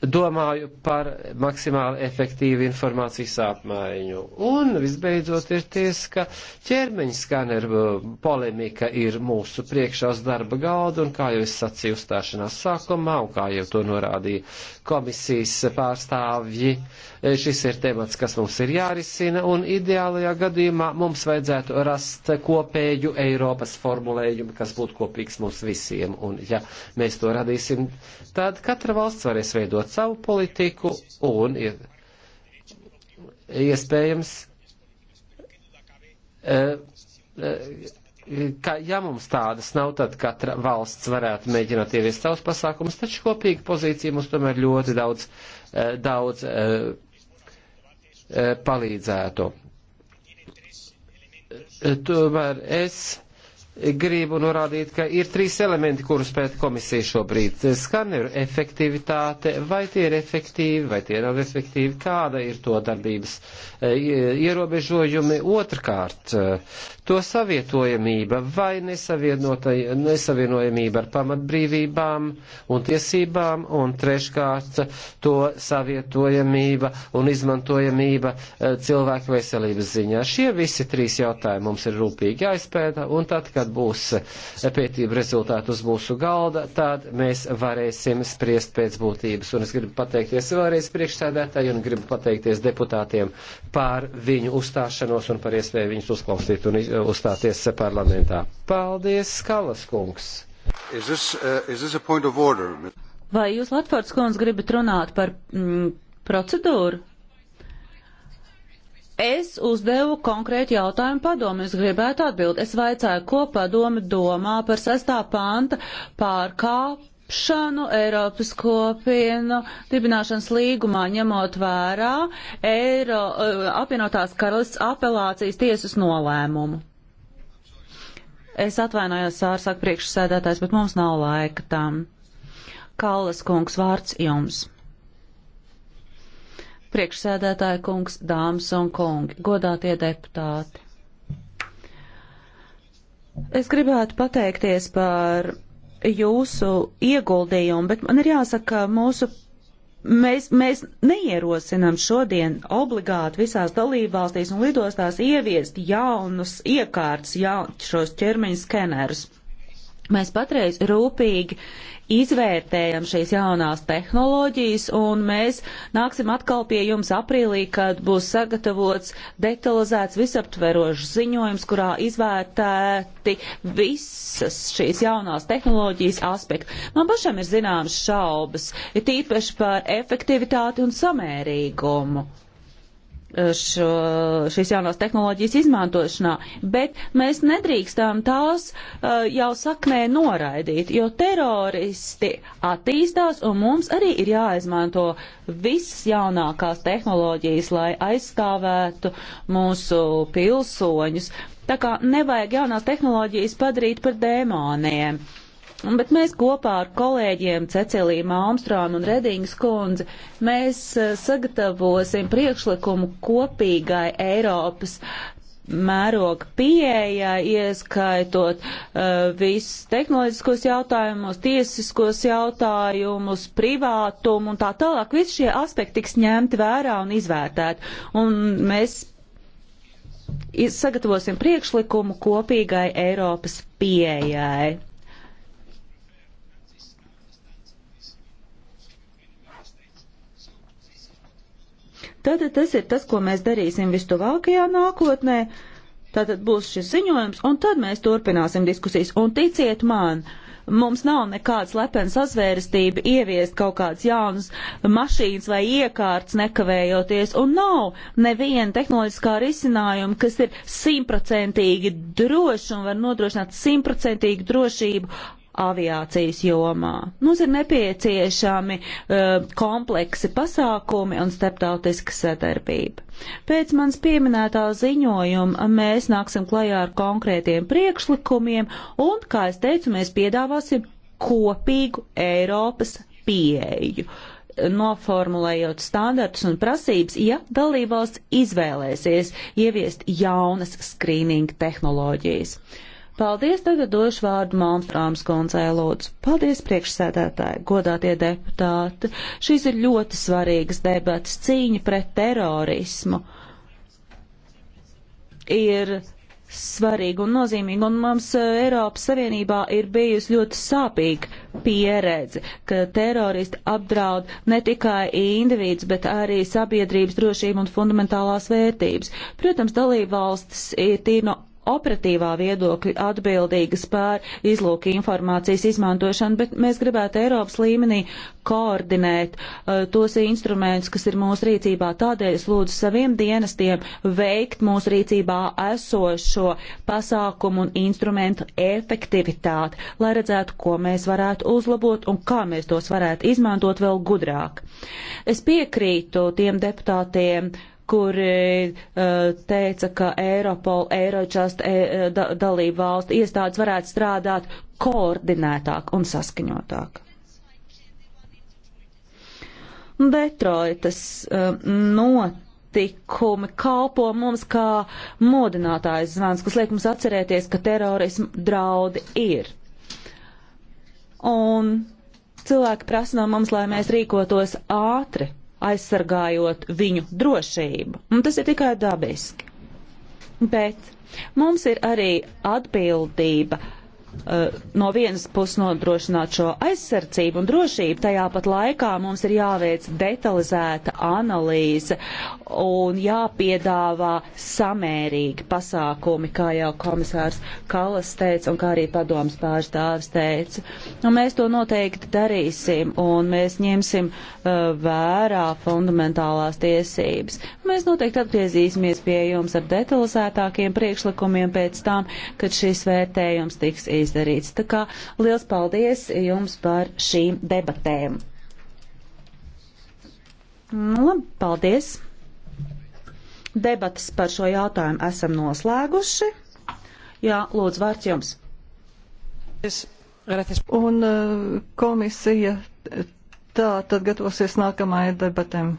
domāju par maksimāli efektīvu informācijas apmaiņu. Un visbeidzot ir ties, ka ķermeņa skaneru uh, polemika ir mūsu priekšā uz darba galda, un kā jau es sacīju uzstāšanās sākumā, un kā jau to norādīja komisijas pārstāvji, eh, šis ir temats, kas mums ir jārisina, un ideālajā gadījumā mums vajadzētu rast kopēju Eiropas formulējumu, kas būtu kopīgs mums visiem, un ja mēs to radīsim, tad katra valsts varēs veidot izstrādāt savu politiku un iespējams, e, e, ka ja mums tādas nav, tad katra valsts varētu mēģināt ieviest savus pasākumus, taču kopīga pozīcija mums tomēr ļoti daudz, e, daudz palīdzētu. Tomēr es gribu norādīt, ka ir trīs elementi, kurus pēta komisija šobrīd. Skaneru efektivitāte, vai tie ir efektīvi, vai tie nav efektīvi, kāda ir to darbības e, ierobežojumi. Otrkārt, to savietojamība vai nesavienojamība ar pamatbrīvībām un tiesībām, un treškārt to savietojamība un izmantojamība e, cilvēku veselības ziņā. Šie visi trīs jautājumi mums ir rūpīgi jāizpēta, un tad, kad būs pētība rezultāti uz mūsu galda, tad mēs varēsim spriest pēc būtības. Un es gribu pateikties vēlreiz priekšsēdētāji un gribu pateikties deputātiem par viņu uzstāšanos un par iespēju viņus uzklausīt un iz uzstāties parlamentā. Paldies, Skalas kungs! Is this, uh, is this Vai jūs, Latvārds kundze, gribat runāt par mm, procedūru? Es uzdevu konkrētu jautājumu padomu, es gribētu atbildēt. Es vaicāju, ko padome domā par sestā panta pārkāpumu iekļaušanu Eiropas kopienu dibināšanas līgumā, ņemot vērā Eiro, eh, apvienotās karalists apelācijas tiesas nolēmumu. Es atvainojos, sārsāk priekšsēdētājs, bet mums nav laika tam. Kallas kungs, vārds jums. Priekšsēdētāja kungs, dāmas un kungi, godātie deputāti. Es gribētu pateikties par jūsu ieguldījumu, bet man ir jāsaka, ka mūsu mēs, mēs neierosinām šodien obligāti visās dalībvalstīs un lidostās ieviest jaunus iekārtas, jaun, šos ķermeņa skenerus. Mēs patreiz rūpīgi izvērtējam šīs jaunās tehnoloģijas, un mēs nāksim atkal pie jums aprīlī, kad būs sagatavots detalizēts visaptverošs ziņojums, kurā izvērtēti visas šīs jaunās tehnoloģijas aspekti. Man pašam ir zināmas šaubas, ir tīpaši par efektivitāti un samērīgumu šo, šīs jaunās tehnoloģijas izmantošanā, bet mēs nedrīkstām tās uh, jau saknē noraidīt, jo teroristi attīstās un mums arī ir jāizmanto visas jaunākās tehnoloģijas, lai aizstāvētu mūsu pilsoņus. Tā kā nevajag jaunās tehnoloģijas padarīt par dēmoniem. Uh, Bet mēs kopā ar kolēģiem Ceciliju Malmstrānu un Redingas kundzi, mēs eh, sagatavosim priekšlikumu kopīgai Eiropas mēroga pieejai, ieskaitot uh, visus tehnoloģiskos jautājumus, tiesiskos jautājumus, privātumu un tā tālāk. Visi šie aspekti tiks ņemti vērā un izvērtēti. Un mēs sagatavosim priekšlikumu kopīgai Eiropas pieejai. Tātad tas ir tas, ko mēs darīsim vistuvākajā nākotnē. Tātad būs šis ziņojums, un tad mēs turpināsim diskusijas. Un ticiet man, mums nav nekāds lepens azvērstība ieviest kaut kādas jaunas mašīnas vai iekārtas nekavējoties, un nav neviena tehnoloģiskā risinājuma, kas ir simtprocentīgi droši un var nodrošināt simtprocentīgu drošību aviācijas jomā. Mums ir nepieciešami uh, kompleksi pasākumi un starptautiska sadarbība. Pēc manas pieminētā ziņojuma mēs nāksim klajā ar konkrētiem priekšlikumiem un, kā es teicu, mēs piedāvāsim kopīgu Eiropas pieeju noformulējot standartus un prasības, ja dalībvalsts izvēlēsies ieviest jaunas skrīninga tehnoloģijas. Uh, Paldies, tagad došu vārdu Malmstrāms koncē, lūdzu. Paldies, priekšsēdētāji, godātie deputāti. Šīs ir ļoti svarīgas debatas. Cīņa pret terorismu ir svarīga un nozīmīga, un mums eh, Eiropas Savienībā ir bijusi ļoti sāpīga pieredze, ka teroristi apdraud ne tikai individus, bet arī sabiedrības drošību un fundamentālās vērtības. Protams, dalībvalstis ir tīri no operatīvā viedokļa atbildīgas pār izlūka informācijas izmantošanu, bet mēs gribētu Eiropas līmenī koordinēt uh, tos instrumentus, kas ir mūsu rīcībā. Tādēļ es lūdzu saviem dienestiem veikt mūsu rīcībā esošo pasākumu un instrumentu efektivitāti, lai redzētu, ko mēs varētu uzlabot un kā mēs tos varētu izmantot vēl gudrāk. Es piekrītu tiem deputātiem, uh, kuri eh, teica, ka Eiropol, Eiročast e, eh, da, dalību valstu iestādes varētu strādāt koordinētāk un saskaņotāk. Detroitas notiek eh, notikumi kalpo mums kā modinātājs zvans, kas liek mums atcerēties, ka terorismu draudi ir. Un cilvēki prasa no mums, lai mēs rīkotos ātri aizsargājot viņu drošību. Un tas ir tikai dabiski. Bet mums ir arī atbildība Eh, no vienas puses nodrošināt šo aizsardzību un drošību, tajā pat laikā mums ir jāveic detalizēta analīze un jāpiedāvā samērīgi pasākumi, kā jau komisārs Kallas teica un kā arī padomas pārstāvis teica. Un mēs to noteikti darīsim un mēs ņemsim uh, vērā fundamentālās tiesības. Mēs noteikti atgriezīsimies pie jums ar detalizētākiem priekšlikumiem pēc tam, kad šis vērtējums tiks izdarīts izdarīts. Tā kā liels paldies jums par šīm debatēm. Nu, labi, paldies. Debatas par šo jautājumu esam noslēguši. Jā, lūdzu, vārds jums. Un eh, komisija tā tad gatavosies nākamajai debatēm.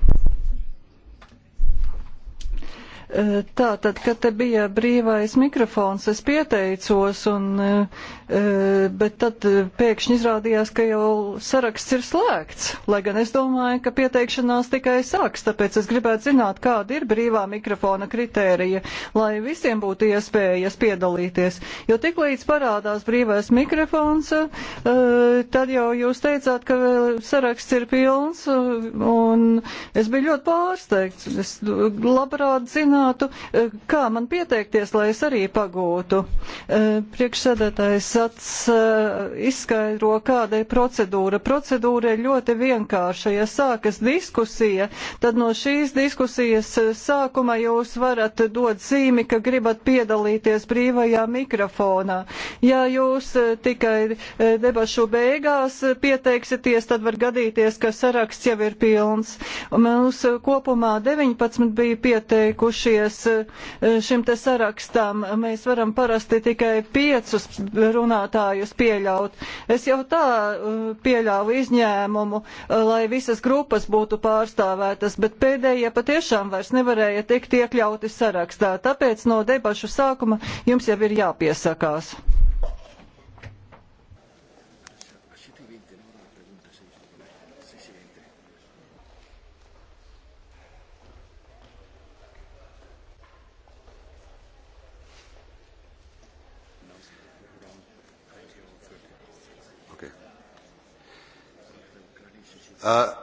Tā tad, kad te bija brīvais mikrofons, es pieteicos, un, e, bet tad pēkšņi izrādījās, ka jau saraksts ir slēgts. Lai gan es domāju, ka pieteikšanās tikai sāks, tāpēc es gribētu zināt, kāda ir brīvā mikrofona kritērija, lai visiem būtu iespējas piedalīties. Jo tik līdz parādās brīvais mikrofons, e, tad jau jūs teicāt, ka saraksts ir pilns, un es biju ļoti pārsteigts. Es labprāt zināju, zinātu, eh, kā man pieteikties, lai es arī pagūtu. Eh, priekšsēdētājs eh, izskaidro, kāda ir procedūra. Procedūra ir ļoti vienkārša. Ja sākas diskusija, tad no šīs diskusijas sākuma jūs varat dot zīmi, ka gribat piedalīties brīvajā mikrofonā. Ja jūs tikai debašu beigās pieteiksieties, tad var gadīties, ka saraksts jau ir pilns. Mums kopumā 19 bija pieteikuši pievienoties e, šim te sarakstam. Mēs varam parasti tikai piecus runātājus pieļaut. Es jau tā e, pieļāvu izņēmumu, e, lai visas grupas būtu pārstāvētas, bet pēdējie patiešām vairs nevarēja tikt iekļauti sarakstā. Tāpēc no debašu sākuma jums jau ir jāpiesakās. Uh,